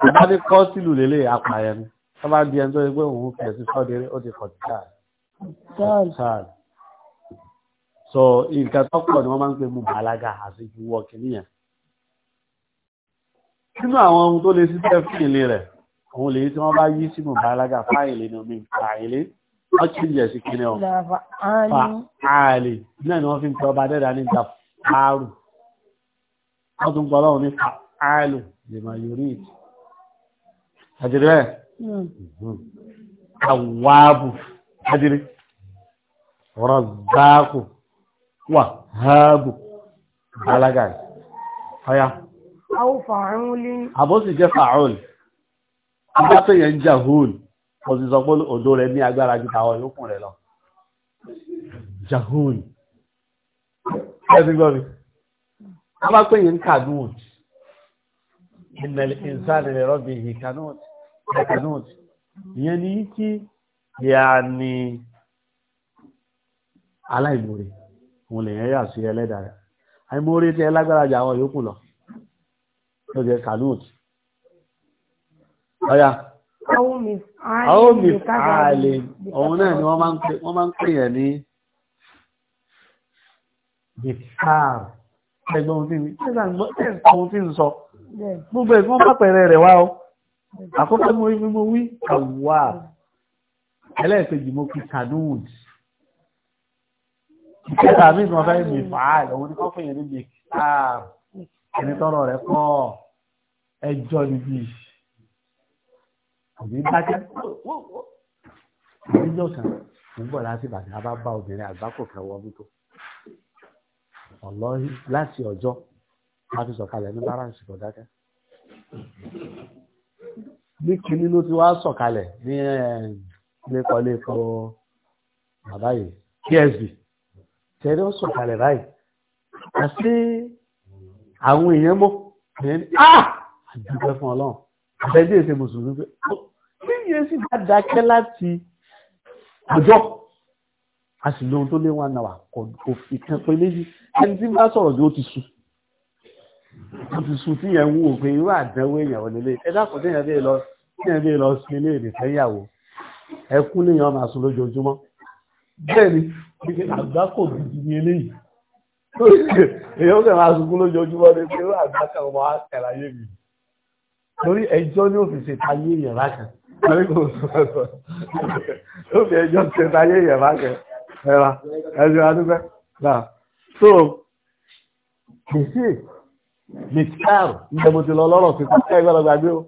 ìbá ní kọ́sìlù lélẹ̀ apààyàn ni wọ́n bá di ẹni tó yẹ pé òun kẹ̀ sí sọ́dẹ̀rẹ́ ó ti kọ̀tí káàdì. so nǹkan tó pọ̀ ni wọ́n máa ń pè mú bàlágà àti ju wọ́ọ̀kì nìyẹn. nínú àwọn ohun tó lè ṣiṣẹ́ fìlì rẹ̀ òun lèyí tí wọ́n bá yí sínú bàlágà fáìlì ni omi fàìlì wọ́n ti yẹ̀ sí kíní ọ̀ fàálì náà ni wọ́n fi ń pẹ́ ọba dẹ́dà nígbà fàárù wọ́n tún pọ̀ lọ́wọ́ ní fàálù hajiri bẹ́ẹ̀ hmm. hmm. awaabu hajiri razaaku wahaabu balaga ọya aw fa'ulin àbọ́sì jẹ́ fa'ul abátọ̀ yẹn jahul ó ti sọ pé odó rẹ̀ ní agbára ju tàwọn yókùn rẹ̀ lọ jahul ẹ̀sìn gbọ́ mi a bá pè yín kanúùtì ìnàlẹ̀ ìsáàlẹ̀ rọ́bì yìí kanúùtì ẹ̀kanot ìyẹn ni kí ìyá ni aláìmoore òun lè yẹn yà sí ẹlẹ́dàá rẹ̀ àìmoore tí ẹ lágbára jà àwọn yòókù lọ ló jẹ kanot ọ̀yà àwọn mìfààlè òun náà ni wọ́n máa ń pè yẹn ní mìfààlè ẹgbọ́n tí ń sọ gbogbo ẹ̀gbọ́n pápẹ̀rẹ̀ rẹ̀ wá o àkọ́kọ́ mo rí mo wí àwà ẹlẹ́ẹ̀kejì mo fi kanud ìkẹta mi kan fẹ́ mi fà á òun ni wọ́n fún yẹn níbi ẹni tọrọ rẹ pọ̀ ẹjọ́ níbi òbí dákẹ́ níjọ́ kan mo ń bọ̀ láti bàtà bá bá obìnrin àgbákò kan wọ mú tó ọlọ́rí láti ọjọ́ láti sọ̀kalẹ̀ ní bára ìsìnkọ̀ dákẹ́ ní kínní ló ti wá sọ̀kalẹ̀ ní lẹ́kọ̀ọ́lẹ́kọ̀ bàbá yìí psb tẹ̀lé ó sọ̀kalẹ̀ báyìí àti àwọn èèyàn mọ́ ẹ̀yẹn ni àdúgbẹ́ ah! fún ọlọ́run àtẹ́jú èsè mùsùlùmí pé oh, kí yẹn sì bá dákẹ́ láti ọjọ́ a sì lóhun tó lé wọn náà kò fi kan pé méjì ẹni tí bá sọ̀rọ̀ ni ó ti sùn wọ́n tí yẹn ń wò irú àdánwò èèyàn wọlé lé tí yẹn lè lọ tí yẹn lè lọ sun ilé èdè fẹ́yàwó ẹkún lèèyàn máa sun lójoojúmọ́ bẹ́ẹ̀ ni àgbá kò gidi ní eléyìí èèyàn kàn máa sunkún lójoojúmọ́ ní pé irú àgbá ọmọ wa kẹ̀ mi torí ẹjọ́ ní òfìsè táyé èèyàn bá lórí ẹjọ́ ṣe táyé èèyàn bá kàn ẹ̀rọ adúgbẹ́ náà so kìí mixtail nígbà mo ti lọ lọ́rọ̀ sí fún ẹgbẹ́rọ gbàgbé o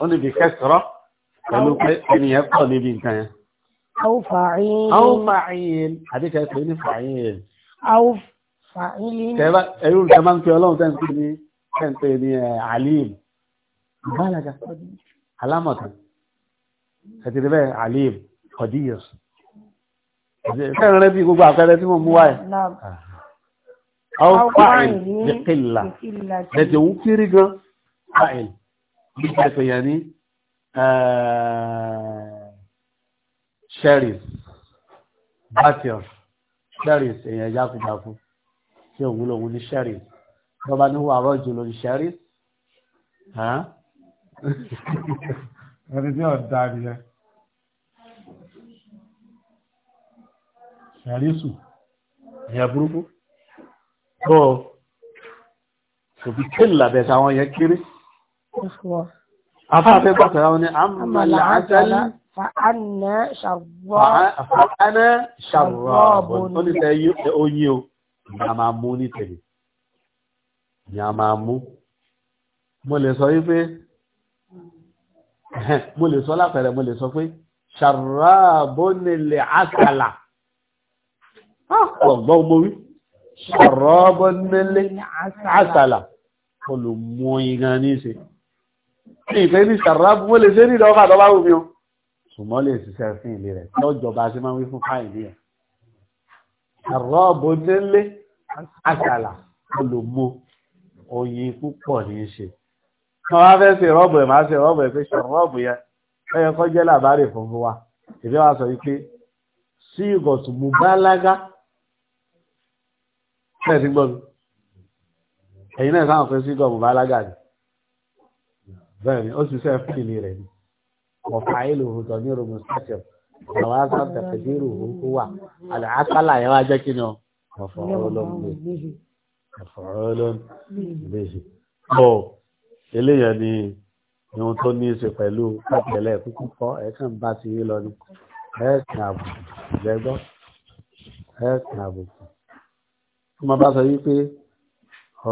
ó ní bí kẹsọ̀rọ̀ pẹ̀lú pé ènìyàn pọ̀ níbi nǹkan yẹn. àwọn fàáyìn. àwọn fàáyìn àdékẹ́ pé ní fàáyìn. àwọn fàáyìn. tẹ́lá ẹ̀rú ìjọba máa ń pe ọlọ́run tẹ́ ń pè ní tẹ́ ń pè ní alim ìbálaga alámọ̀tàn ẹ̀tì bẹ́ẹ̀ alim kọ̀díyọ̀. ẹ̀rọ rẹ̀ bí gbogbo àpẹẹrẹ tí mo mú wáyé aw fa'il bi qilla dẹ̀tẹ̀ wù kiri gan fa'il bí kẹfẹ̀ yẹn ní eh, sheriff batir sheriff èèyàn jákujáku tí òun lòun ní sheriff tó bá ní wà rọ́jù ló ní sheriff ẹni tí ọ̀ dá ni ẹ sheriff èèyàn burúkú tó kò fi kéèlà bẹ̀ta àwọn yẹn kéré afáfẹ́ pàtàkì àwọn ni a mọ̀ láàájálá fa'ánà ṣàrọ̀bùn oníṣẹ́ oyin o ni a máa mú ní tẹ̀lé ni a máa mú mo lè sọ wípé mo lè sọ lápẹẹrẹ mo lè sọ pé ṣàrọ̀bùn nílẹ̀ àkàlà ọgbọ́n mo wí sọ̀rọ̀ ọgbọ́nlélé àṣàlà olùmọ̀yìn gan ní ṣe ìfẹ́ ní sàrábù wọ́n lè ṣe ní ìdọ́kà tọ́lá wù mí o ṣùgbọ́n lè ṣiṣẹ́ fún ilé rẹ̀ lọ́jọba sí máa ń wí fún fáìlì ẹ̀ sọ̀rọ̀ ọgbọ́nlélé àṣàlà olùmọ̀ oyin púpọ̀ ní ṣe wọ́n wá fẹ́ ṣe rọ́bù ẹ̀ máa ṣe rọ́bù ẹ̀ ti gbọ́ mi ẹ̀yin náà sáwọn fẹ́ sí gọ́ọ̀mù bálágà ni bẹ́ẹ̀ ni ó ṣiṣẹ́ fìlì rẹ̀ ni ọ̀fà ìlú òhùtọ̀ ní romo stadium àwọn asán tẹ̀fẹ̀dírù ó wà àlẹ́ asálà yẹn wá jẹ́ kí ni ọ̀fọ̀ ọlọ́mùgbé ọ̀fọ̀ ọlọ́mùgbé ọ̀ eléyàn ni ohun tó ní í ṣe pẹ̀lú pẹ̀lẹ́ kúkú kọ́ ẹ̀ẹ́kàn bá ti rí lọ ni ẹ̀ẹ́kàn àbùkù jẹ́gbọ́ ẹ̀ẹ́kàn àbùkù ọmọ bá sọ wípé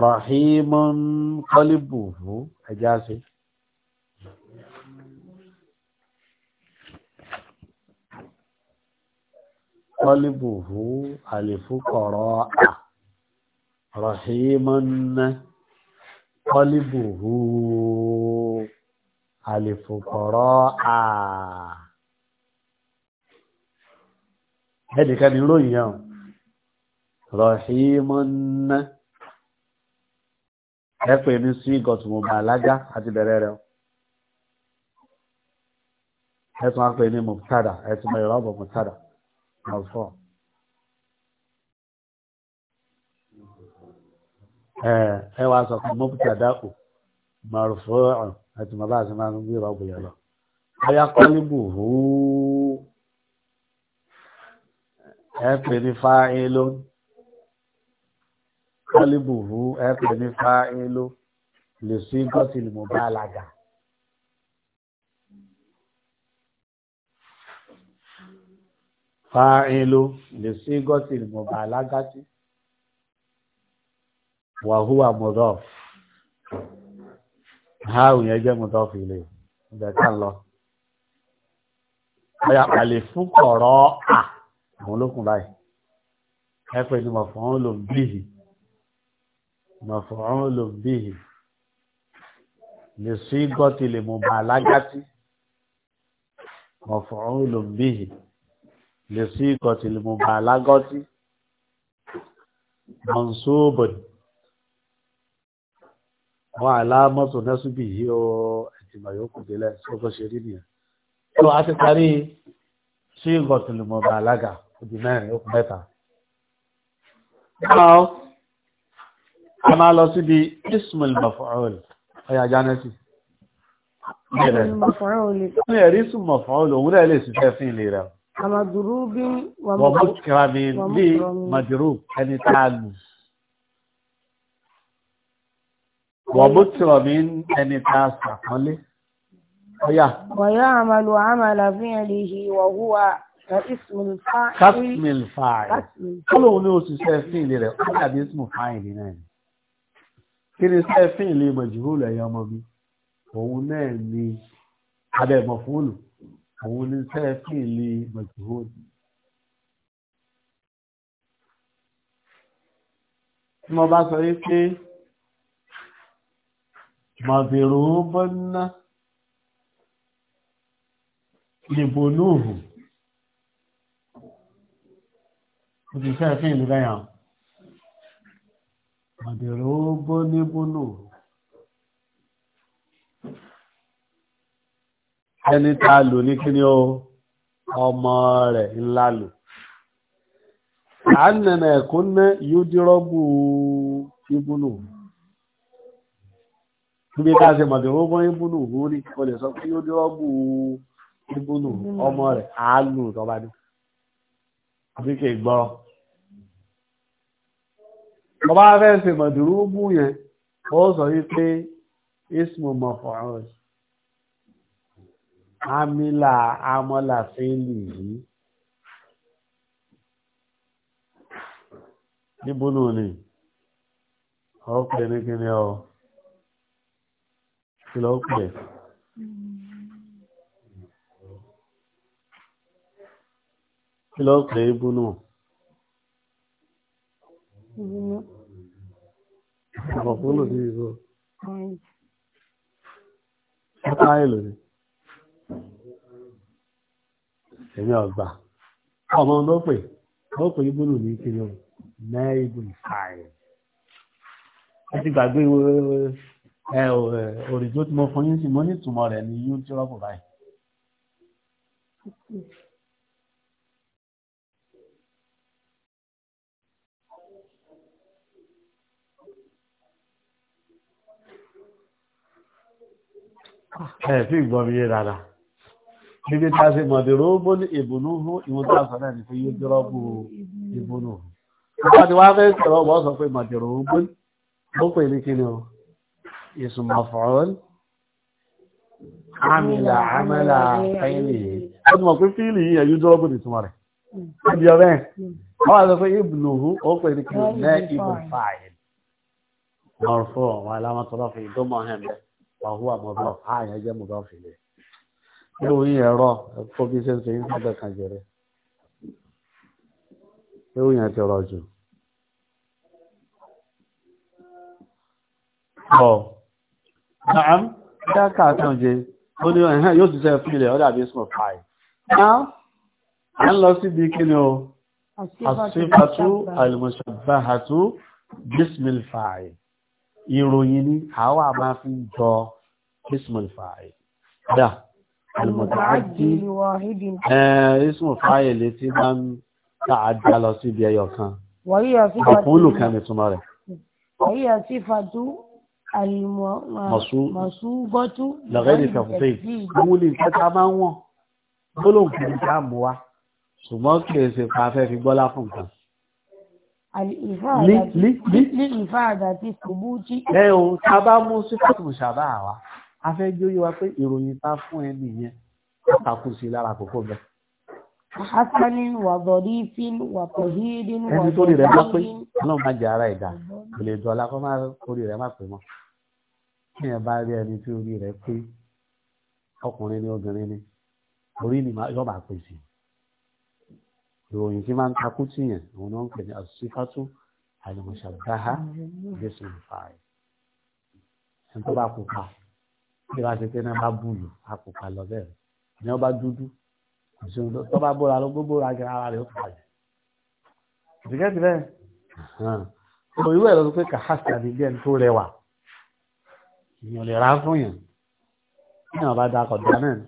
rahimun kọlíbùfú ẹjá sí kọlíbùfú àlèfúkọ̀rọ̀ à rahimun kọlíbùfú àlèfúkọ̀rọ̀ à ẹnìkan ni lóyìn yẹn rọ̀hìmọ́nà ẹ pè mí sí gọ̀tùmọ̀bà alájá àti bẹ̀rẹ̀ rẹ̀ ẹ tún á pè ní mùtádà ẹ tún mọ̀ ìrọ̀bọ̀ mùtádà mọ̀fọ́ ẹ wá kù mọ̀rùfọ́ àti mọ̀bá àti máa ń gbé kọ́líbùhù ẹ̀pẹ̀ ní fáìlú lè sí gọ́sìlì mọ̀ bá alága. fáìlú lè sí gọ́sìlì mọ̀ bá alága sí. wàhúwà mọ̀dọ́f háàrùn yẹn jẹ́ mọ̀dọ́f ilé ibẹ̀ ká lọ. ọ̀yà àlè fún kọ̀ọ̀rọ̀ à àwọn olókùn báyìí ẹ̀pẹ̀ ni mọ̀ fún ọ́n lò bíi. مفعول به لصيغة المبالغة مفعول به لصيغة المبالغة منصوب وعلامة نصبه ما يوقف إلى سوف شرينيا لو أتكاري صيغة المبالغة ودي مين يوقف متى كما لو سيدي اسم المفعول يا جانسي المفعول يا ريس المفعول ولا ليس شايفين لي راه مضروب ومكرم لي مجروب يعني تعال ومكرم يعني تاسع مالي ويا ويعمل عمل فعله وهو كاسم الفاعل كاسم الفاعل كاسم الفاعل كاسم الفاعل كاسم الفاعل كاسم الفاعل kí ni sẹ́fìn ilé mọ̀jìhóòlù ẹ̀yà ọmọ mi òun náà ni abẹ́mọ̀ fóònù òun ni sẹ́fìn ilé mọ̀jìhóòlù. tí mo bá sọ yí pé màbèrò bọ́ ná ìbò lóòrùn òṣìṣẹ́ fún ìlú bẹ́yàn mọ̀dẹ̀rọ̀gbọ́ níbúnù ẹni tá lò ní kí ni ó ọmọ rẹ̀ ńlá lò àánẹ̀nà ẹ̀kún ná yóò dírọ́gbù níbúnù níbi ká ṣe mọ̀dẹ̀rọ̀gbọ́ níbúnù rí o lè sọ pé yóò dírọ́gbù níbúnù ọmọ rẹ̀ àálù tọ́ba ní àbíkè ọba fẹ́ ṣe mọ̀dúrú mú yẹn ó sọ wípé ismu mọ̀fọ̀rọ̀s amílà amọ́là fẹ́lì yìí níbúnú ni ó pè ní kíni ọ kí ló pè kí ló pè Извини. Àkọ́kọ́ lò sí ìṣó. Ṣátáyé Èmi ọ̀gbà. Ọmọ ló pè, ó pè ibùdó ní kíni o, mẹ́rìndùn fàáyé. Ẹ ti gbàgbé ẹ òrìjó tí mo fọyín sí, mo ní ìtumọ̀ rẹ̀ ní yóò tí rọ́pò báyìí. ẹ̀ fi gbọ́ mi yé rárá níbi tá a ṣe mọ̀dẹ̀rọ bó ní ìbùnú hún ìwọ̀n tó àṣọ náà ní pé yóò dúró bú ìbùnú hún nípa ti wá fẹ́ sọ̀rọ̀ ọmọ sọ pé mọ̀dẹ̀rọ bó ní ó pè ní kí ni o ìsùnmọ̀fọ́n àmìlà àmìlà fẹ́ẹ̀lì ó ti mọ̀ pé fíìlì yìí ẹ̀yú dúró bó ní ìtumọ̀ rẹ̀ ó di ọ wà sọ pé ìbùnú hún ó pè ní kí ni ní ìbùn fáìl mọ̀rùfọ́ àwọn alámọ̀tọ́lọ́fẹ́ ìdọ́mọ̀ hẹ̀ wàhùwà mọ̀bọ̀ àyàn jẹ́ mọ̀bọ̀ fìlẹ̀ nínú yìí ẹ̀rọ ẹ̀fọ́ bí ṣe ń ṣe ń sábẹ̀ kan jẹrẹ ewu yẹn ti rọ jù ọ̀ naam dáka àtúnjẹ ó ní ẹ̀hẹ́n yóò ṣiṣẹ́ fílẹ̀ ọ̀dà bí sùn fàì náà à ń lọ síbi kí ni o àṣìfàtú àlùmọ̀ṣàbáhàtú bísmìlfàì ìròyìn ní àwa máa fi jọ ismul fa'il dá alìmọ̀tàájí eh, ismul fa'il lè tí máa ń tààdá lọ sí ibi ẹyọ kan ọ̀pùnlù kan ní túnmọ̀ rẹ̀ Mọ̀súgọ́tú lọ́gẹ́dì tẹ̀fùfẹ́ ìwú lè tẹ́ta máa ń wọ̀n, gbólóhùn kìí ká mú wá, ṣùgbọ́n kìí ṣe pàfẹ́ fi gbọ́lá fún nǹkan. Lílìfáàdà ti ṣubú jí. Ẹ̀hùn ta bá mú sí fàtùmù ṣàbá àwá, a fẹ́ jí ó yíwa pé ìròyìn ta fún ẹni yẹn kàkù sí lára kòkó bẹ. Hasani wà bọ̀dí fín wà pọ̀dí dín wà ẹni tó rí rẹ̀ bá pé ọlọ́run má jẹ ara ẹ̀dá kò lè dọ̀la kó má orí rẹ̀ má pè mọ́. Kí ẹ bá rí ẹni tí orí rẹ̀ pé ọkùnrin ni obìnrin ni orí ni yóò máa pèsè ìròyìn tí máa ń takú tì yẹn òun náà ń pè ní àṣìfàtú àlùmọ̀ṣàbáhá jésù nfààyè ẹni tó bá pupa bí wàá ṣe pé náà bá bùlù àpupa lọ bẹ́ẹ̀ ni wọ́n bá dúdú àṣìwọ́n tó bá bóra ló gbogbo ajá ara rẹ̀ ó fà jù ìdíkẹ́sì bẹ́ẹ̀ ọ̀rọ̀ ìwé ẹ̀rọ pé kàhásà ni bí ẹni tó rẹwà èèyàn lè rà fún yẹn ní àwọn bá dakọ̀ dáná ẹ̀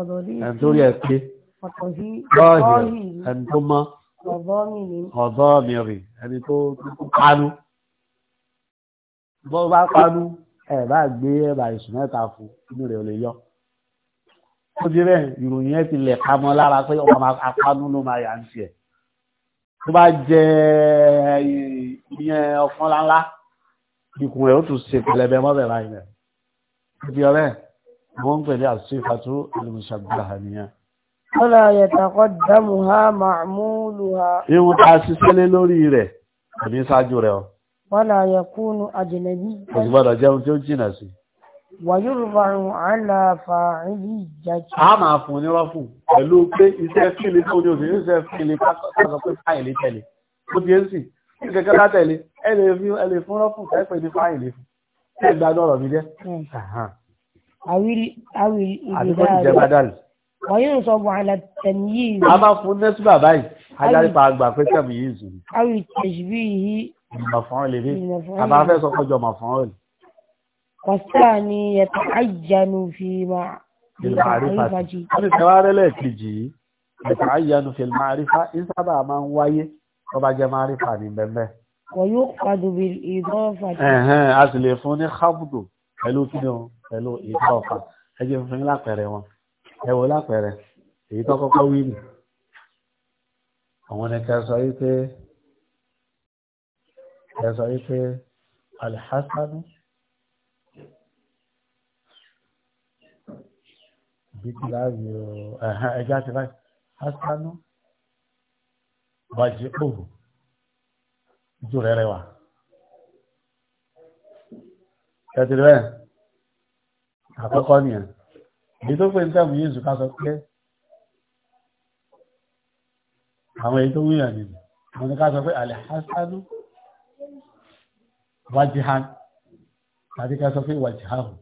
ọ̀dọ̀rí ẹ̀ torí ẹ̀ pé. Ọ̀hìn ẹni tó mọ́. Ọ̀dọ́ mìíràn ẹni tó pánú. Bọ́ bá pánú ẹ̀ bá gbé ẹ̀bà ìsùn mẹ́ta fún inú rẹ̀ ò lè yọ. Ó ti rẹ̀ ìròyìn ẹ̀ ti lẹ̀ ká mọ́ lára pé ọmọ apánú ló máa yà ń tiẹ̀. Tó bá jẹ ìyẹn ọ̀fọ́n láńlá, ikùn Ọlá yẹ̀tàkọ́ dámù ha màmúlù ha. Ihun ta ṣiṣẹ́ lé lórí rẹ̀, kò ní ṣáájú rẹ̀ ọ. Wọ́lá yẹ kúnnù àjẹ̀nẹ̀bí. Kò sì gbọ́dọ̀ jẹun tí ó jìnà sí. Wàyúrùfàrùn àlàfà ìlú ìjájì. A máa fún ní rọ́fù pẹ̀lú pé iṣẹ́ fílì tó ní òṣèré iṣẹ́ fílì pásọ pé fáìlì tẹ̀lé. Ó ti ń sì, ní kẹ́kẹ́ bá tẹ̀lé, ẹ lè fún rọ́fù kẹ́pẹ́ ní fáìlì fún. Ṣé ìgbádọ́ ọ̀rọ̀ mi jẹ́? Àwìrì ìgbésẹ̀ rẹ̀. Àdúgbò ìjẹba dàlù wọ́n yóò sọ bọ̀ àlà tẹ̀míyìí. a máa fún nẹ́sùbà báyìí ajáde pa àgbà pé tẹ̀míyìí zù. àwọn ìtẹ̀síbí yìí. ìmọ̀ fún ọ́n lè rí àbá fẹ́ sọ kọjọ mọ̀ fún ọ́n. kọ́sítà ni ẹ̀ka àjànù fi máa. ìlà àrífà ti wọ́n ti tẹ́wá rẹ́lẹ̀ kejì yìí ẹ̀ka àjànù fi máa rífà ìsábà máa ń wáyé tó bá jẹ́ máa rífà ní bẹ́ẹ̀ wọ́n yóò padù bí ìdọ́fà ẹ wò lápẹẹrẹ èyí tó kọ́kọ́ wí nì àwọn ni kẹ sọ yí pé kẹ sọ yí pé alhassanu bíkìláàbì ẹja ti báyìí hassanu bàjẹ́ òhù jù rẹ̀ rẹ̀ wà kẹtìrì àkọ́kọ́ nìyẹn èyí tó pè ní tẹ̀bù yéésù ká sọ pé àwọn èyí tó wíyàn nìyí wọn ni ká sọ pé alihasanu wajihan àti ká sọ pé wajihahu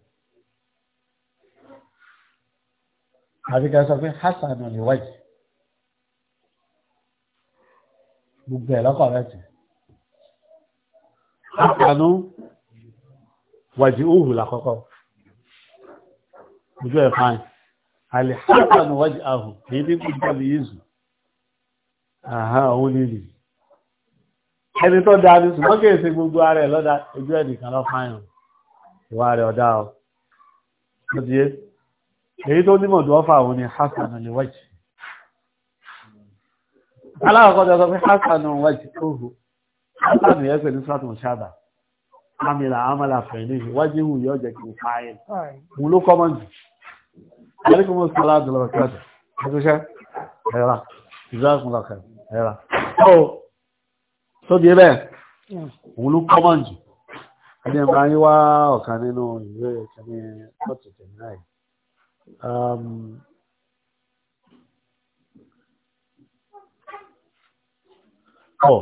àti ká sọ pé hasanu ni wajì gbogbo ẹ̀ lọ́kọ̀ rẹ̀ tì hasanu wajì uhu làkọ́kọ́ ojú ẹ̀ fáìn alìhásán wájú ahùn èyí tí kò jẹ́ bí yéṣù àhá òun ní rí ẹni tó dáa ní ṣùgbọ́n kìí ṣe gbogbo ara ẹ̀ lọ́dà ojú ẹ̀ nìkan lọ fáìn o ìwà rẹ̀ ọ̀dá o ó ti yé èyí tó nímọ̀ tó ọ́fà òun ni hasan ní wájú alákọ̀ọ́kọ́ tó sọ pé hasan ní wájú tóhu hasan yẹn ní sátún ṣáàbà amìlà amàlà fẹ̀lẹ́ wájú ìhùn yóò jẹ́ kí n fáyẹ̀ òun ló kọ́ mọ́ jù alaikum assalam wa barakatuh ẹgbẹ́ṣẹ́ ẹ̀rọ ìzáàkùnlá kan ẹ̀rọ tó tó di ẹbẹ̀ òun ló kọ́ mọ́n jù ẹni ẹ̀mà yí wá ọ̀kan nínú ìwé ìkẹ́ni pọ́tù tẹ̀míláì ọ̀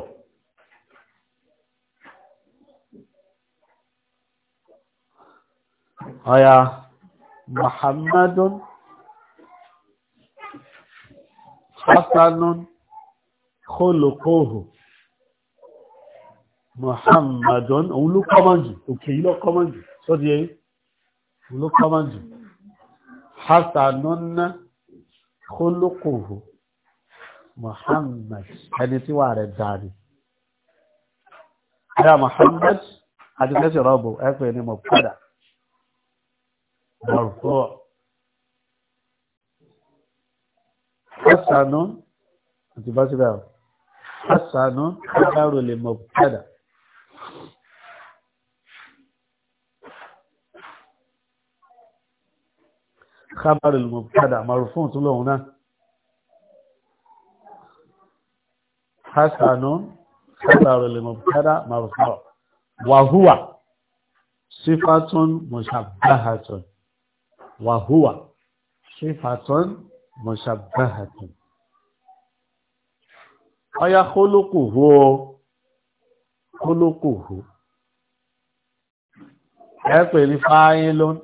ọ̀ya محمد حسن خلقه محمد òun ló kọ́mọ̀n jù òkè yìí lọ kọ́mọ̀n jù sọ́dí ẹ̀yí òun ló kọ́mọ̀n jù hasanun khuluquhu Muhammad ẹni tí wà rẹ̀ dáadé ẹ̀yà Muhammad àti fẹ́sẹ̀ rọ́bù ẹ̀pẹ̀ ni mọ̀ padà مرفوع حسن انت بس بقى حسن خبر لمبتدا خبر المبتدا مرفوع له هنا حسن خبر لمبتدا مرفوع وهو صفة مشبهة wàhúwà sífàtún mọ̀ṣàbáhàtún ọya kólókòhó o kólókòhó ẹ pè ní fáyín lónìí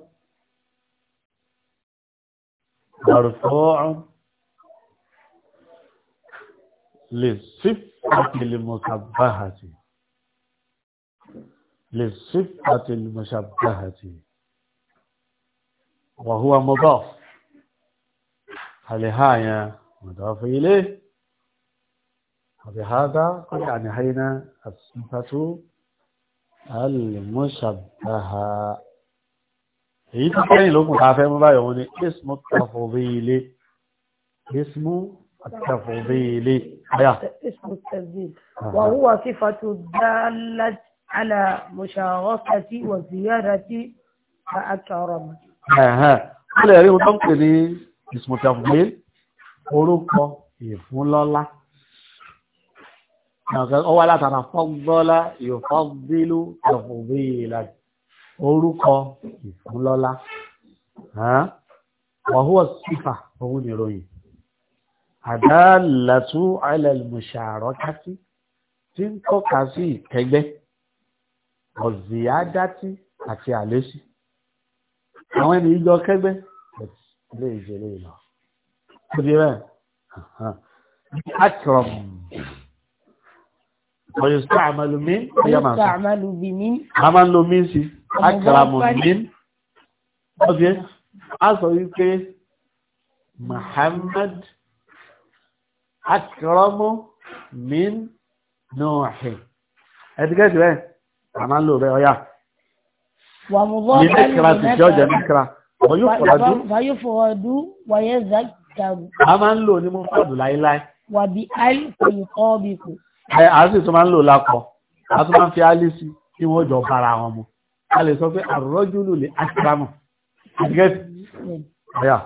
مرفوع للصفة المشبهة للصفة المشبهة وهو مضاف هل هاي مضاف إليه وبهذا يعني هنا الصفة المشبهة هي إيه تقني لو مضاف مضاف يعني اسم التفضيل اسم التفضيل اسم التفضيل آه. وهو صفة دالت على مشاركة وزيارة فأكرمت ó lè rí ohun tó ń pè ní ìsmùtàgbé orúkọ ìfúnlọ́lá ó wá látara fọ́gbọ́lá ìfọ́gbílú ìfọ̀gbìlá orúkọ ìfúnlọ́lá wàhúwà sífà òun ìròyìn àdáàlàtú alẹ́lùmùsàárọ́kásí tí ń tọ́ka sí ìkẹgbẹ́ ọ̀zìádátí àti àlésí àwọn ẹni ìjọ kẹgbẹ́ ilé ìjọ ilé ìlọ ó di rẹ̀ akram ọ̀yọ̀ sí àmàlù mi ọ̀yọ̀ màá sọ àmàlù mi sí akram mi ó di a sọ wípé Muhammad akram min Nuhi ẹ̀dígẹ́sì rẹ̀ àmàlù rẹ̀ ọ̀yà. لنكرة تشوجة نكرة ويفرد ويفرد ويذكر أما نلو نمفرد لا إله wàbí àìkò ìkọ́bìkò. ẹ a sì tún máa ń lò lápọ a tún máa ń fi alice kí wọn jọ bára wọn mu a lè sọ pé àrọjúlù lè akíramù àdìgẹtì ọyà.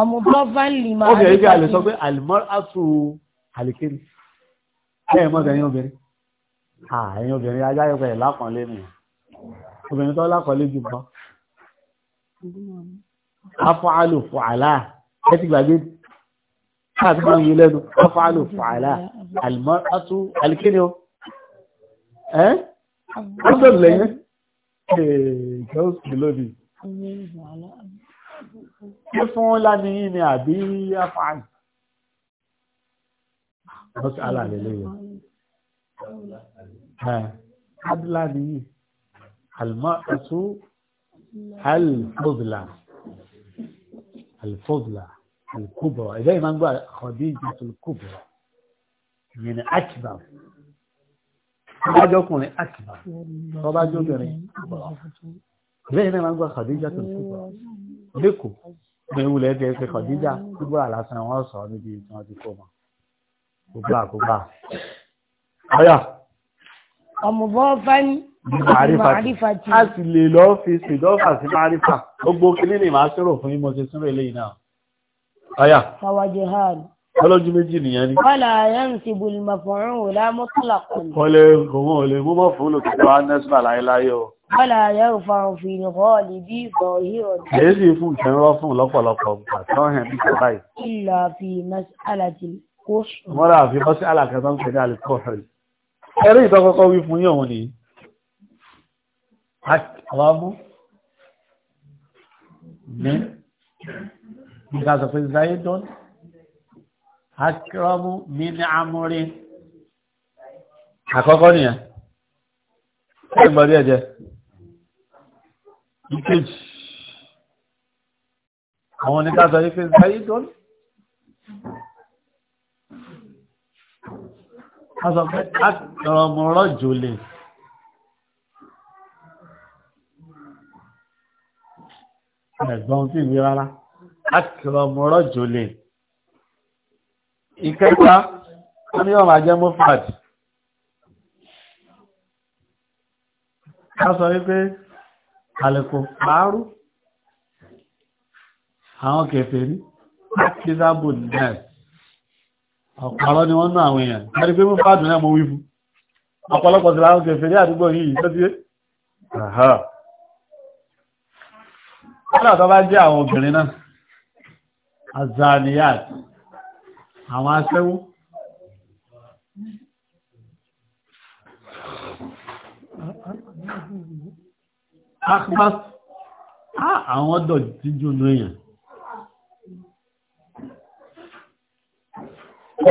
ọmọbọ fáìlì máa. obìnrin bí a lè sọ pé àlùmọ́rọ́ àtù àlìkéni ẹ ẹ mọ́tò ẹ̀yin obìnrin ẹ̀yin obìnrin ajá yẹ pẹ̀lú lápọ̀nlé nìyẹn obìnrin tó lákọ̀ọ́lé jù kan afọ́álò fọ́àlá ẹ ti gbàgbé káàtí máa ń yí lẹ́nu afọ́álò fọ́àlá alìmọ́tú alìkíni o ẹ́ ọ́dọ̀ lẹ́yìn ẹ̀ẹ́kẹ́ ó sì lónìí kí fún láni yìí ni àbí afọ́álò lọ́sí alàlẹ́lẹ́yìn ẹ́ adúlá ni yìí àlùmọ́ọ̀tù àlùfọ́bìlà àlùfọ́bìlà àlùkùbọ̀ ẹ̀dá yìí máa ń gbọ́ àkọ́bí ìjọsìnkùbọ̀ ìyẹn ni àkìbà ọbájọ́kùnrin àkìbà ọbájọ́bìnrin ẹ̀dá yìí máa ń gbọ́ àkọ́bí ìjọsìnkùbọ̀ lẹ́kọ̀ọ́ ìwúlẹ̀ ẹgbẹ́ ẹgbẹ́ kọ̀díjà gbogbo àlásán wọn sọ níbi tí wọ́n ti kó mọ́ gbogbo àkókò àyà. ọmọbọ fani màrífà tí a sì lè lọ fi ṣèdọ́fà sí màrífà gbogbo kìíní ni màá ṣòro fún yín mo ṣe súnrẹ̀ lẹ́yìn náà. ọ̀yà. fàwájú hàn. ọlọ́jú méjì nìyẹn ni. kọ́lá yẹn ti bu ìmọ̀fọ̀rún wò lámútúlà kan. kọ́lẹ̀ òun ò lè mú mọ́ fún olùkọ́ wa nẹ́sùnà akọrọbù ní nígbà sọ pé zaidon akọrọbù mi ní amúrí àkọ́kọ́ nìyẹn ṣe ìgbọ̀rí ẹ̀jẹ̀ ìkejì àwọn oníkà sọ pé zaidon a sọ pé akọrọbù rọ́jò lè. ẹ̀gbọ́n sí ìwé rárá akìrọmọ́rọ́ jòlè ìkẹta wọ́n ní ọmọ ajẹ́ mofad ká sọ wípé àlẹ́kò fàárù àwọn kẹfẹ́ rí akìrọmọ́ náà ọ̀pọ̀lọ́ ni wọ́n náà àwọn èèyàn kárí pé mofad náà mo wí fún ọ̀pọ̀lọpọ̀ sí láwọn kẹfẹ́ rí àdúgbò yìí tó ti kọ́nà tó bá jẹ́ àwọn obìnrin náà azaniyat àwọn aṣẹ́wó akpas àwọn ọ̀dọ̀ jíjù ní èèyàn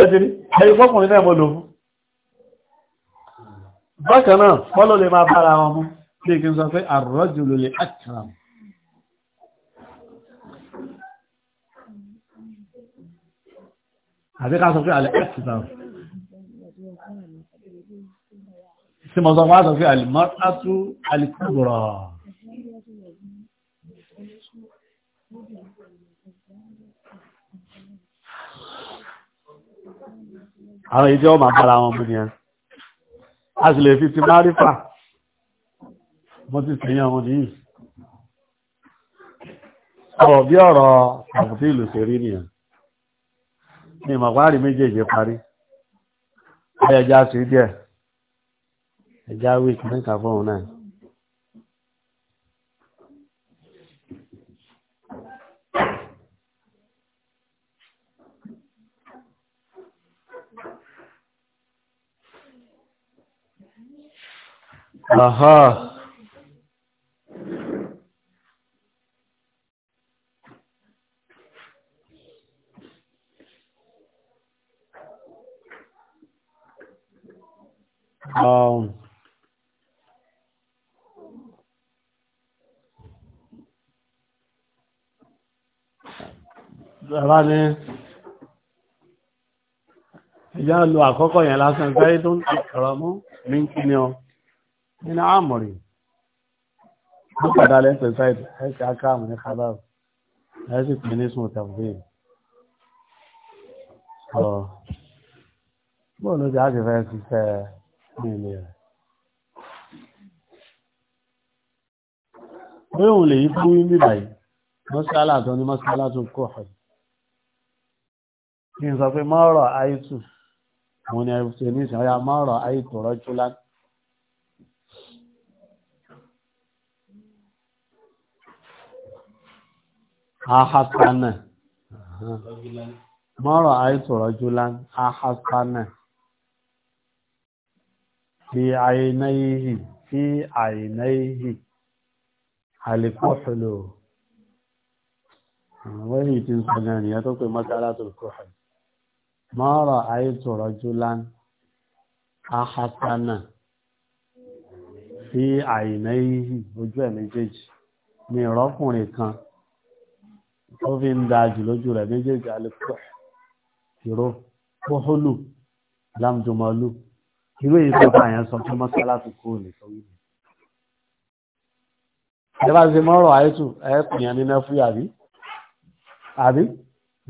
ọjọ́rí ẹ̀yí pọ́kùnrin náà mọ́lò fún bákan náà pọ́lọ̀ lè máa bára wọn mú bí i kí n sọ pé àrọ́jù lè akram àbí ká sọ pé àlẹ́ ẹ̀tìsàn sí mọ́ sọ wá sọ pé àlìmọ́tátú alìkúrọ̀ àwọn ìjọ ọmọ àpàrà wọn mú ní ẹ a sì lè fi ti máa rífà mọ́ ti sẹ́yìn ọmọ nìyí ọ̀rọ̀ bí ọ̀rọ̀ àbùtí ìlú ní ìmọ̀páàrí méjèèjì parí ẹjá sí díẹ̀ ẹjá wí kìníkà fóun náà Uh -huh. wá ní ìyá lo àkọ́kọ́ yẹn lásán gbáyé tó ń kọ̀rọ̀ mú ní kí ni ọ nínú àmọ̀rí wọ́n padà lẹ́sẹ̀ sáìdì ẹ̀sì akáàmù ní kábàrù ẹ̀sì pè ní sùn tẹ̀wọ̀n bọ́ọ̀lù ti á ti fẹ́ ṣiṣẹ́ ní ilé rẹ̀ bí òun lè yí fún wíńbí báyìí mọ́sálà tó ní mọ́sálà tó kọ̀ ọ̀dọ̀ kí n sọ pé mọ́rọ̀ àìtù àwọn ni ẹrù tẹ̀ ní ìsìn ọ̀yà mọ́rọ̀ àìtù rọ́jú lá ahasana mọ́rọ̀ àìtù rọ́jú lá ahasana fi àìnáyìí fi àìnáyìí àlìkọ́fẹ́lò àwọn èyí tí ń sọ náà nìyà tó pè mọ́sálátò kọ́fẹ́lò mọ́rọ̀ àìtò rọ́júlán ahasana sí àìná yìí ojú ẹ̀ méjèèjì ní ìrọ́kùnrin kan ó fi ń da jù lójú rẹ̀ méjèèjì alẹ́kọ̀ọ́ ìró pọ́hólù lámdùmọ́lù irú èyí tó fàyàn sọ fún mọ́sálásì kúrò nìkan wíwí ẹ̀bá ṣe mọ́rọ̀ àìtù ẹ̀ẹ́kùn yẹn ní nẹ́fíà àbí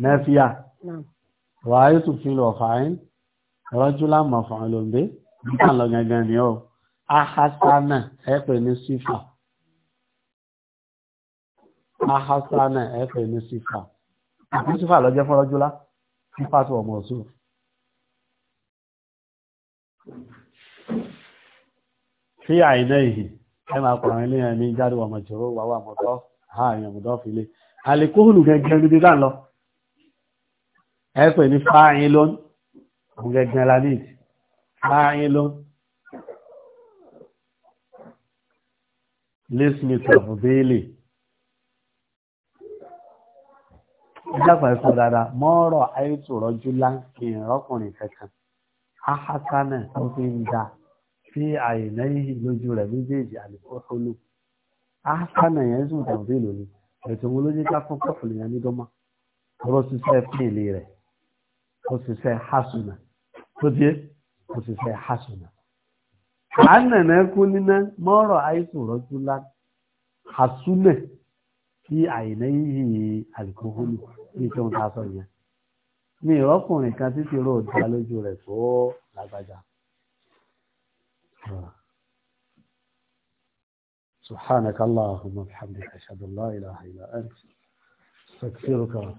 nẹ́fíà wàáyé tó fi lọ fàáyín rọ́júlá mọ̀fàn lòdì nígbà lọ gangan ni ó ahasana ẹ pè ní sífà ahasana ẹ pè ní sífà àti sífà lọ́jẹ́ fún rọ́júlá sífà tó ọmọ ọ̀sùn. fi àìná ìhì ẹ máa pọ̀rọ̀ ilé yẹn ní jáde wà mọ̀jọ́rọ̀ wà wà mọ̀tọ́ ha àyàn mọ̀tọ́ fi lé àlékóhùn gẹ́gẹ́ níbi dá lọ ẹ pè ní fáyín lón òun gẹ́gẹ́ la ní ìdí fáyín lón lẹ́sìmìtì ọ̀fùbẹ́lẹ̀ ìjápa ẹ̀sùn dáadáa mọ́ọ̀rọ̀ àìtò rọ́jú láńkì ìrọ́kùnrin kankan ahásánà tó fi ń da sí àìná yìí lójú rẹ̀ méjèèjì àlùkọ́sọ́lù ahásánà yẹn sùn tàbí lónìí ẹ̀sùn olójú ká fún pọ́fùlù yẹn ní dọ́mà ọ̀rọ̀ fún ìlé rẹ̀ òṣìṣẹ́ hasuna tó díẹ̀ òṣìṣẹ́ hasuna àánànà kú níná mọ́rọ̀ àìsùn rọ́júlá hasuna tí àìná yìí alkoholu ní tí wọ́n ta sọ yẹn ní ìrọ́kùnrin kan títí rò dá lójú rẹ̀ tó lágbájá سبحانك اللهم وبحمدك اشهد ان لا اله الا انت استغفرك